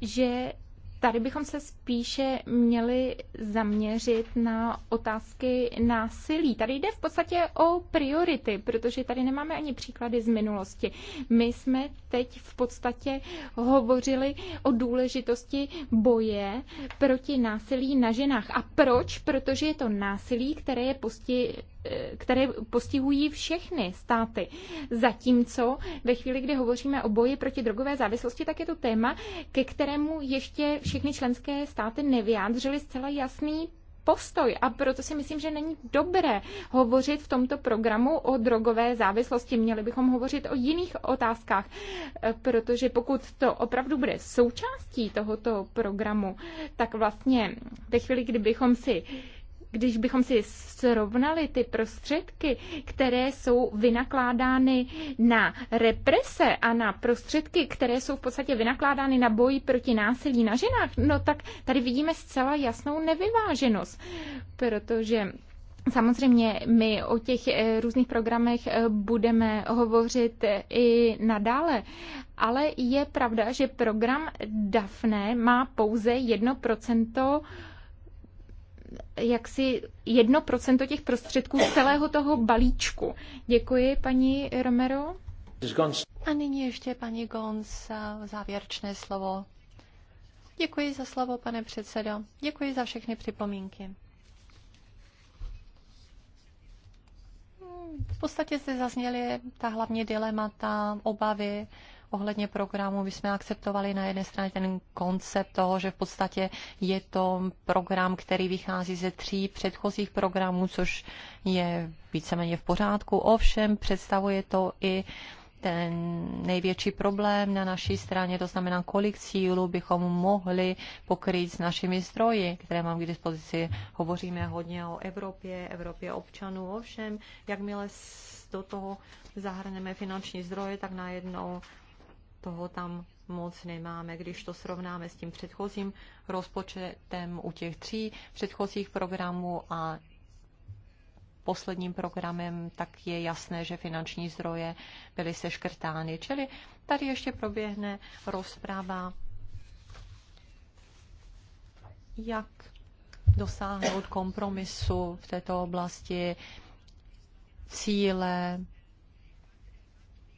že Tady bychom se spíše měli zaměřit na otázky násilí. Tady jde v podstatě o priority, protože tady nemáme ani příklady z minulosti. My jsme teď v podstatě hovořili o důležitosti boje proti násilí na ženách. A proč? Protože je to násilí, které je posti které postihují všechny státy. Zatímco ve chvíli, kdy hovoříme o boji proti drogové závislosti, tak je to téma, ke kterému ještě všechny členské státy nevyjádřily zcela jasný postoj a proto si myslím, že není dobré hovořit v tomto programu o drogové závislosti. Měli bychom hovořit o jiných otázkách, protože pokud to opravdu bude součástí tohoto programu, tak vlastně ve chvíli, kdybychom si když bychom si srovnali ty prostředky, které jsou vynakládány na represe a na prostředky, které jsou v podstatě vynakládány na boj proti násilí na ženách, no tak tady vidíme zcela jasnou nevyváženost, protože Samozřejmě my o těch eh, různých programech eh, budeme hovořit eh, i nadále, ale je pravda, že program DAFNE má pouze 1% jaksi jedno procento těch prostředků celého toho balíčku. Děkuji, paní Romero. A nyní ještě paní Gons závěrečné slovo. Děkuji za slovo, pane předsedo. Děkuji za všechny připomínky. V podstatě zde zazněly ta hlavní dilemata, obavy, ohledně programu. My jsme akceptovali na jedné straně ten koncept toho, že v podstatě je to program, který vychází ze tří předchozích programů, což je víceméně v pořádku. Ovšem představuje to i ten největší problém na naší straně, to znamená, kolik cílů bychom mohli pokryt s našimi stroji, které mám k dispozici. Hovoříme hodně o Evropě, Evropě občanů, ovšem, jakmile do toho zahrneme finanční zdroje, tak najednou toho tam moc nemáme. Když to srovnáme s tím předchozím rozpočtem u těch tří předchozích programů a posledním programem, tak je jasné, že finanční zdroje byly seškrtány. Čili tady ještě proběhne rozprava, jak dosáhnout kompromisu v této oblasti, cíle,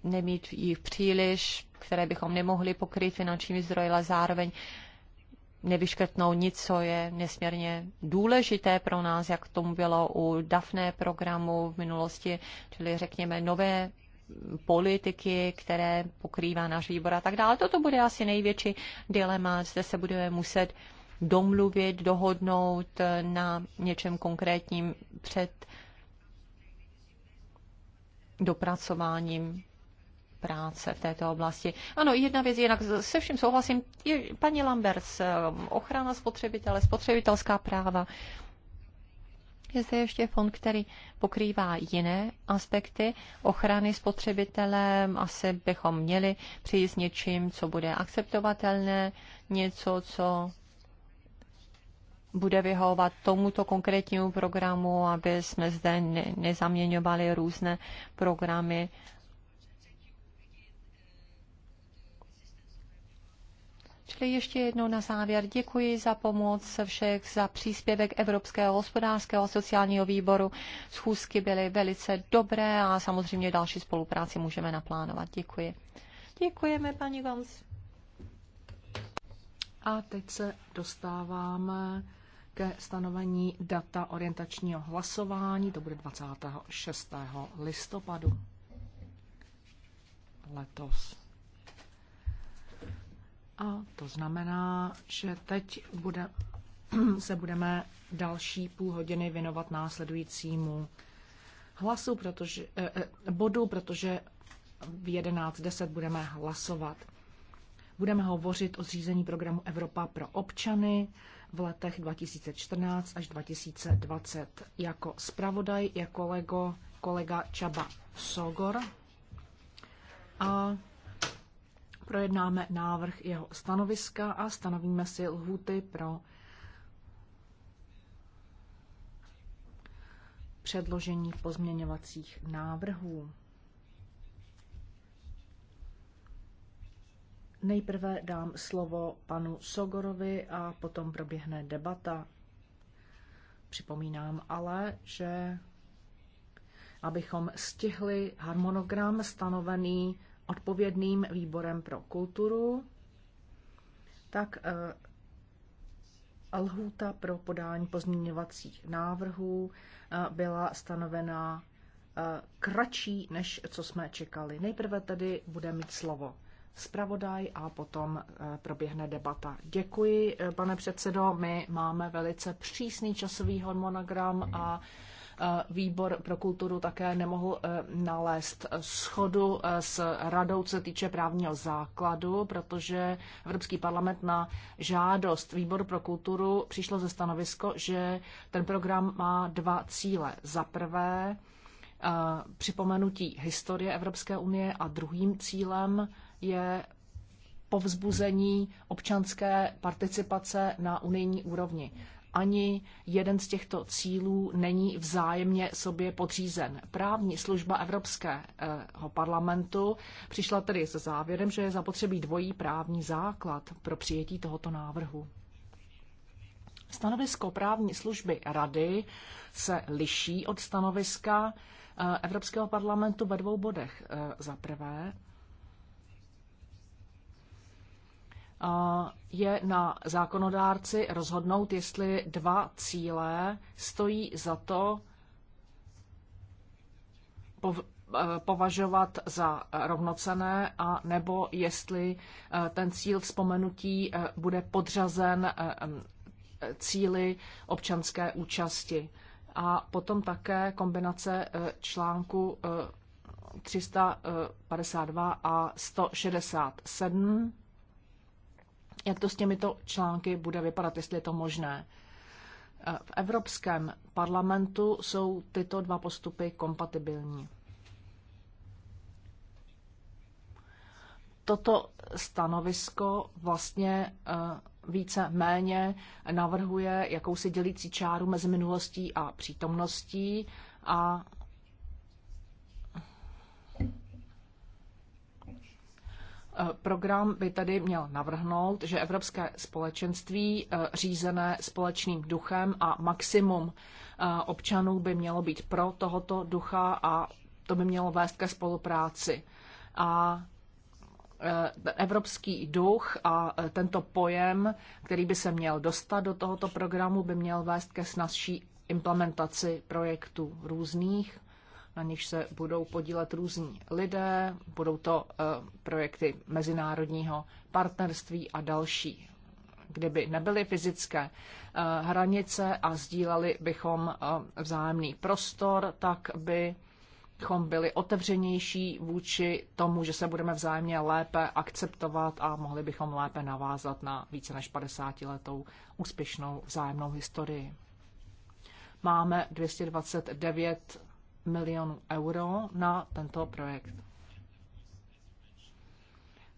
nemít jich příliš, které bychom nemohli pokryt finančními zdroji, ale zároveň nevyškrtnout nic, co je nesmírně důležité pro nás, jak tomu bylo u DAFNE programu v minulosti, čili řekněme nové politiky, které pokrývá náš výbor a tak dále. Toto bude asi největší dilema, zde se budeme muset domluvit, dohodnout na něčem konkrétním před dopracováním práce v této oblasti. Ano, jedna věc, jinak se vším souhlasím, je paní Lambers, um, ochrana spotřebitele, spotřebitelská práva. Je zde ještě fond, který pokrývá jiné aspekty ochrany spotřebitele. Asi bychom měli přijít s něčím, co bude akceptovatelné, něco, co bude vyhovovat tomuto konkrétnímu programu, aby jsme zde nezaměňovali různé programy Čili ještě jednou na závěr děkuji za pomoc všech, za příspěvek Evropského hospodářského a sociálního výboru. Schůzky byly velice dobré a samozřejmě další spolupráci můžeme naplánovat. Děkuji. Děkujeme, paní Gons. A teď se dostáváme ke stanovení data orientačního hlasování. To bude 26. listopadu letos. A to znamená, že teď bude, [CLEARS THROAT] se budeme další půl hodiny věnovat následujícímu hlasu, protože, eh, eh bodu, protože v 11.10 budeme hlasovat. Budeme hovořit o zřízení programu Evropa pro občany v letech 2014 až 2020. Jako zpravodaj jako kolega Čaba Sogor. A projednáme návrh jeho stanoviska a stanovíme si lhuty pro předložení pozměňovacích návrhů. Nejprve dám slovo panu Sogorovi a potom proběhne debata. Připomínám ale, že abychom stihli harmonogram stanovený odpovědným výborem pro kulturu, tak eh, lhůta pro podání pozměňovacích návrhů eh, byla stanovena eh, kratší, než co jsme čekali. Nejprve tedy bude mít slovo zpravodaj a potom proběhne debata. Děkuji, pane předsedo. My máme velice přísný časový harmonogram a výbor pro kulturu také nemohl e, nalézt schodu e, s radou, co se týče právního základu, protože Evropský parlament na žádost výboru pro kulturu přišlo ze stanovisko, že ten program má dva cíle. Za prvé e, připomenutí historie Evropské unie a druhým cílem je povzbuzení občanské participace na unijní úrovni ani jeden z těchto cílů není vzájemně sobě podřízen. Právní služba Evropského parlamentu přišla tedy se závěrem, že je zapotřebí dvojí právní základ pro přijetí tohoto návrhu. Stanovisko právní služby Rady se liší od stanoviska eh, Evropského parlamentu ve dvou bodech. Eh, za prvé, je na zákonodárci rozhodnout, jestli dva cíle stojí za to eh, považovat za rovnocené a nebo jestli eh, ten cíl vzpomenutí eh, bude podřazen cíly občanské účasti. A potom také kombinace článku 352 a 167 jak to s těmito články bude vypadat, jestli je to možné. Eh, v Evropském parlamentu jsou tyto dva postupy kompatibilní. Toto stanovisko vlastně eh, více méně navrhuje jakousi dělící čáru mezi minulostí a přítomností a Eh, program by tedy měl navrhnout, že Evropské společenství eh, řízené společným duchem a maximum eh, občanů by mělo být pro tohoto ducha a to by mělo vést ke spolupráci. A evropský duch a tento pojem, který by se měl dostat do tohoto programu, by měl vést ke snazší implementaci projektů různých na nich se budou podílet různí lidé, budou to eh, projekty mezinárodního partnerství a další. Kdyby nebyly fyzické eh, hranice a sdíleli bychom eh, vzájemný prostor, tak by bychom byli otevřenější vůči tomu, že se budeme vzájemně lépe akceptovat a mohli bychom lépe navázat na více než 50 letou úspěšnou vzájemnou historii. Máme 229 milionů euro na tento projekt.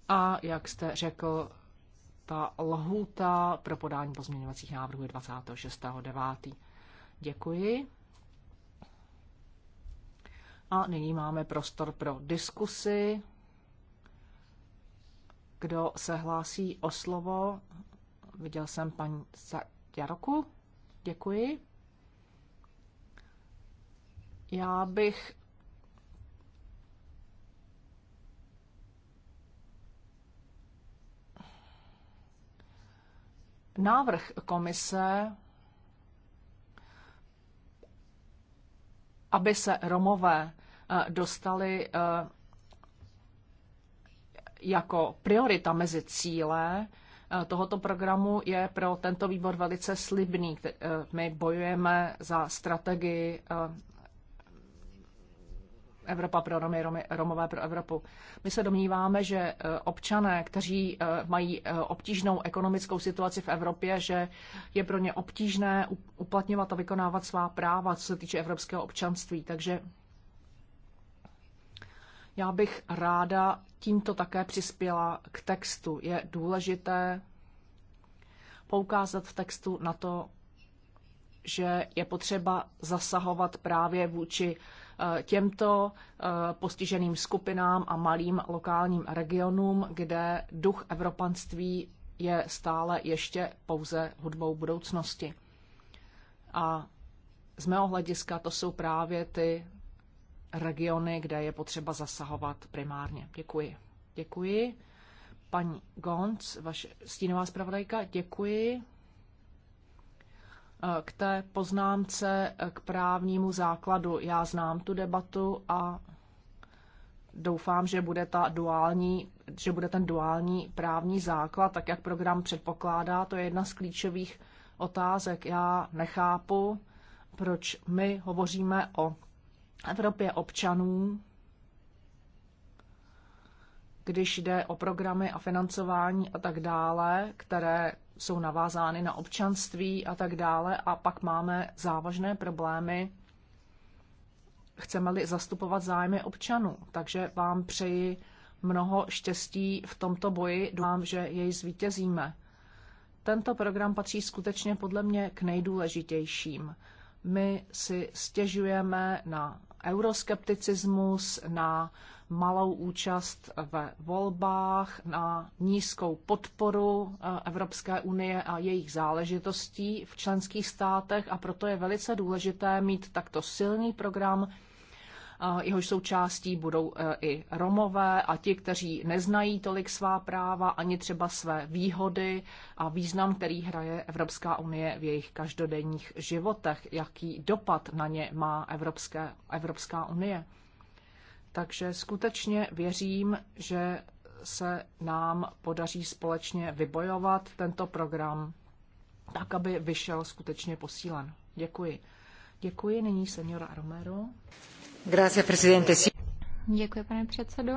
A jak jste řekl, ta lhůta pro podání pozměňovacích návrhů je 26.9. Děkuji. A nyní máme prostor pro diskusy. Kdo se hlásí o slovo? Viděl jsem paní Jaroku. Děkuji. Já bych návrh komise, aby se Romové eh, dostali eh, jako priorita mezi cíle eh, tohoto programu je pro tento výbor velice slibný. My bojujeme za strategii Evropa pro Romy, Romy, Romové pro Evropu. My se domníváme, že e, občané, kteří e, mají e, obtížnou ekonomickou situaci v Evropě, že je pro ně obtížné uplatňovat a vykonávat svá práva, co se týče evropského občanství. Takže já bych ráda tímto také přispěla k textu. Je důležité poukázat v textu na to, že je potřeba zasahovat právě vůči Eh, těmto eh, postiženým skupinám a malým lokálním regionům, kde duch evropanství je stále ještě pouze hudbou budoucnosti. A z mého hlediska to jsou právě ty regiony, kde je potřeba zasahovat primárně. Děkuji. Děkuji. Paní Gonc, vaše stínová zpravodajka, děkuji. K té poznámce eh, k právnímu základu. Já znám tu debatu a doufám, že bude, ta duální, že bude ten duální právní základ, tak jak program předpokládá. To je jedna z klíčových otázek. Já nechápu, proč my hovoříme o Evropě občanů, když jde o programy a financování a tak dále, které jsou navázány na občanství a tak dále. A pak máme závažné problémy, chceme-li zastupovat zájmy občanů. Takže vám přeji mnoho štěstí v tomto boji. Doufám, že jej zvítězíme. Tento program patří skutečně podle mě k nejdůležitějším. My si stěžujeme na euroskepticismus, na malou účast ve volbách, na nízkou podporu eh, Evropské unie a jejich záležitostí v členských státech a proto je velice důležité mít takto silný program jehož součástí budou e, i Romové a ti, kteří neznají tolik svá práva, ani třeba své výhody a význam, který hraje Evropská unie v jejich každodenních životech, jaký dopad na ně má Evropské, Evropská unie. Takže skutečně věřím, že se nám podaří společně vybojovat tento program tak, aby vyšel skutečně posílen. Děkuji. Děkuji, nyní seniora Romero. Děkuji, pane předsedo.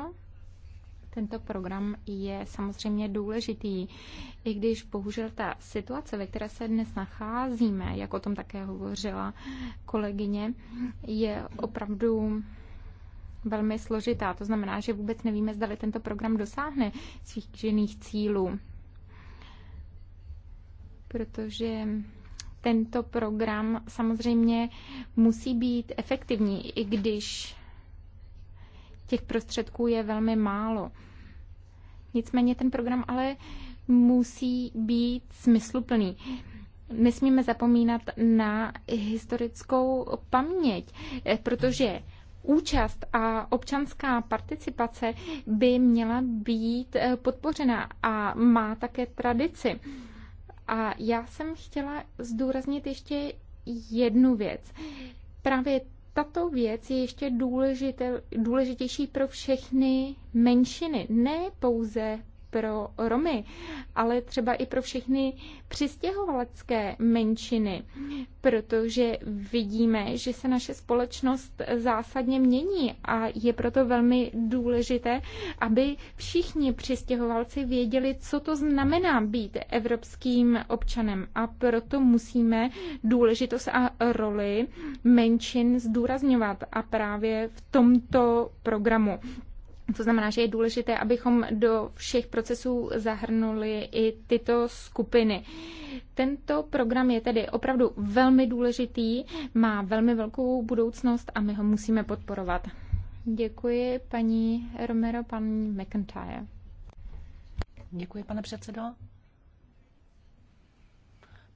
Tento program je samozřejmě důležitý, i když bohužel ta situace, ve které se dnes nacházíme, jak o tom také hovořila kolegyně, je opravdu velmi složitá. To znamená, že vůbec nevíme, zda tento program dosáhne svých žených cílů. Protože tento program samozřejmě musí být efektivní, i když těch prostředků je velmi málo. Nicméně ten program ale musí být smysluplný. Nesmíme zapomínat na historickou paměť, protože účast a občanská participace by měla být podpořena a má také tradici. A já jsem chtěla zdůraznit ještě jednu věc. Právě tato věc je ještě důležité, důležitější pro všechny menšiny, ne pouze pro Romy, ale třeba i pro všechny přistěhovalecké menšiny, protože vidíme, že se naše společnost zásadně mění a je proto velmi důležité, aby všichni přistěhovalci věděli, co to znamená být evropským občanem a proto musíme důležitost a roli menšin zdůrazňovat a právě v tomto programu. To znamená, že je důležité, abychom do všech procesů zahrnuli i tyto skupiny. Tento program je tedy opravdu velmi důležitý, má velmi velkou budoucnost a my ho musíme podporovat. Děkuji paní Romero, paní McIntyre. Děkuji, pane předsedo.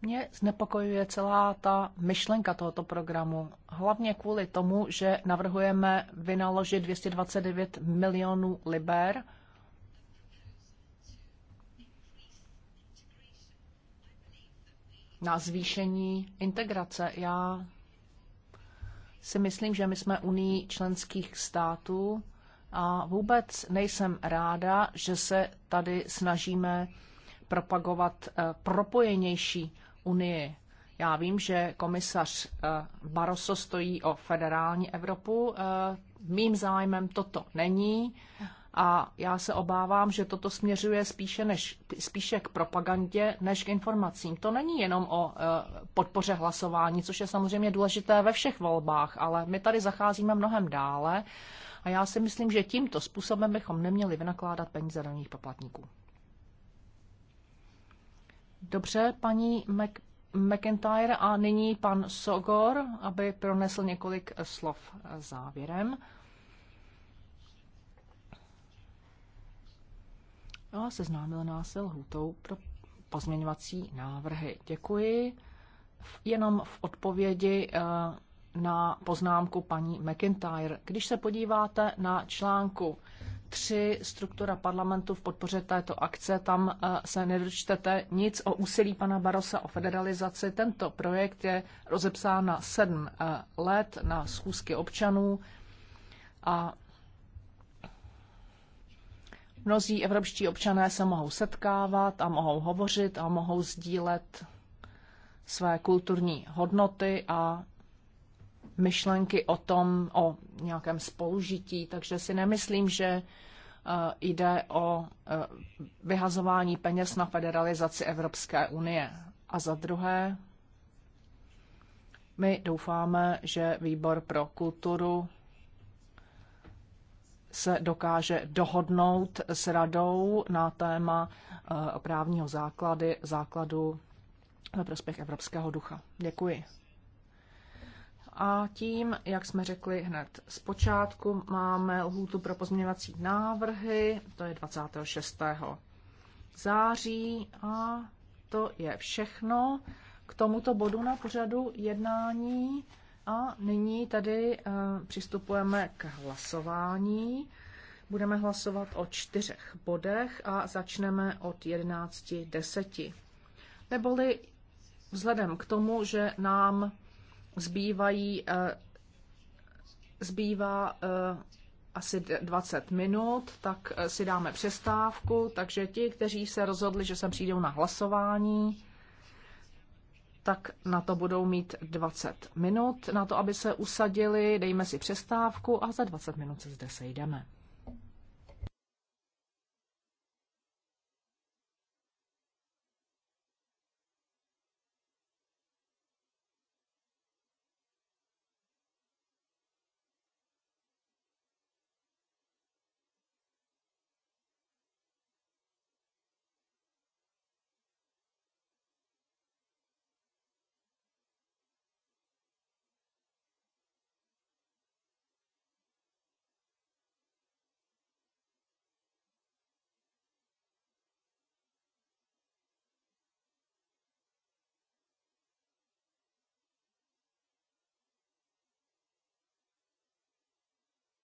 Mě znepokojuje celá ta myšlenka tohoto programu, hlavně kvůli tomu, že navrhujeme vynaložit 229 milionů liber na zvýšení integrace. Já si myslím, že my jsme unii členských států a vůbec nejsem ráda, že se tady snažíme propagovat eh, propojenější unii. Já vím, že komisař eh, Barroso stojí o federální Evropu. Eh, mým zájmem toto není a já se obávám, že toto směřuje spíše, než, spíše k propagandě než k informacím. To není jenom o eh, podpoře hlasování, což je samozřejmě důležité ve všech volbách, ale my tady zacházíme mnohem dále a já si myslím, že tímto způsobem bychom neměli vynakládat peníze daných poplatníků. Dobře, paní McIntyre a nyní pan Sogor, aby pronesl několik slov závěrem. A seznámil nás se lhůtou pro pozměňovací návrhy. Děkuji. Jenom v odpovědi eh, na poznámku paní McIntyre. Když se podíváte na článku Tři struktura parlamentu v podpoře této akce. Tam eh, se nedočtete nic o úsilí pana Barosa o federalizaci. Tento projekt je rozepsán na sedm eh, let na schůzky občanů a mnozí evropští občané se mohou setkávat a mohou hovořit a mohou sdílet své kulturní hodnoty a myšlenky o tom, o nějakém spolužití, takže si nemyslím, že eh, jde o eh, vyhazování peněz na federalizaci Evropské unie. A za druhé, my doufáme, že výbor pro kulturu se dokáže dohodnout s radou na téma eh, právního základy, základu ve prospěch evropského ducha. Děkuji. A tím, jak jsme řekli hned z počátku, máme lhůtu pro pozměňovací návrhy, to je 26. září a to je všechno k tomuto bodu na pořadu jednání. A nyní tady eh, přistupujeme k hlasování. Budeme hlasovat o čtyřech bodech a začneme od 11.10. Neboli vzhledem k tomu, že nám Zbývají, eh, zbývá eh, asi 20 minut, tak eh, si dáme přestávku, takže ti, kteří se rozhodli, že se přijdou na hlasování, tak na to budou mít 20 minut, na to, aby se usadili, dejme si přestávku a za 20 minut se zde sejdeme.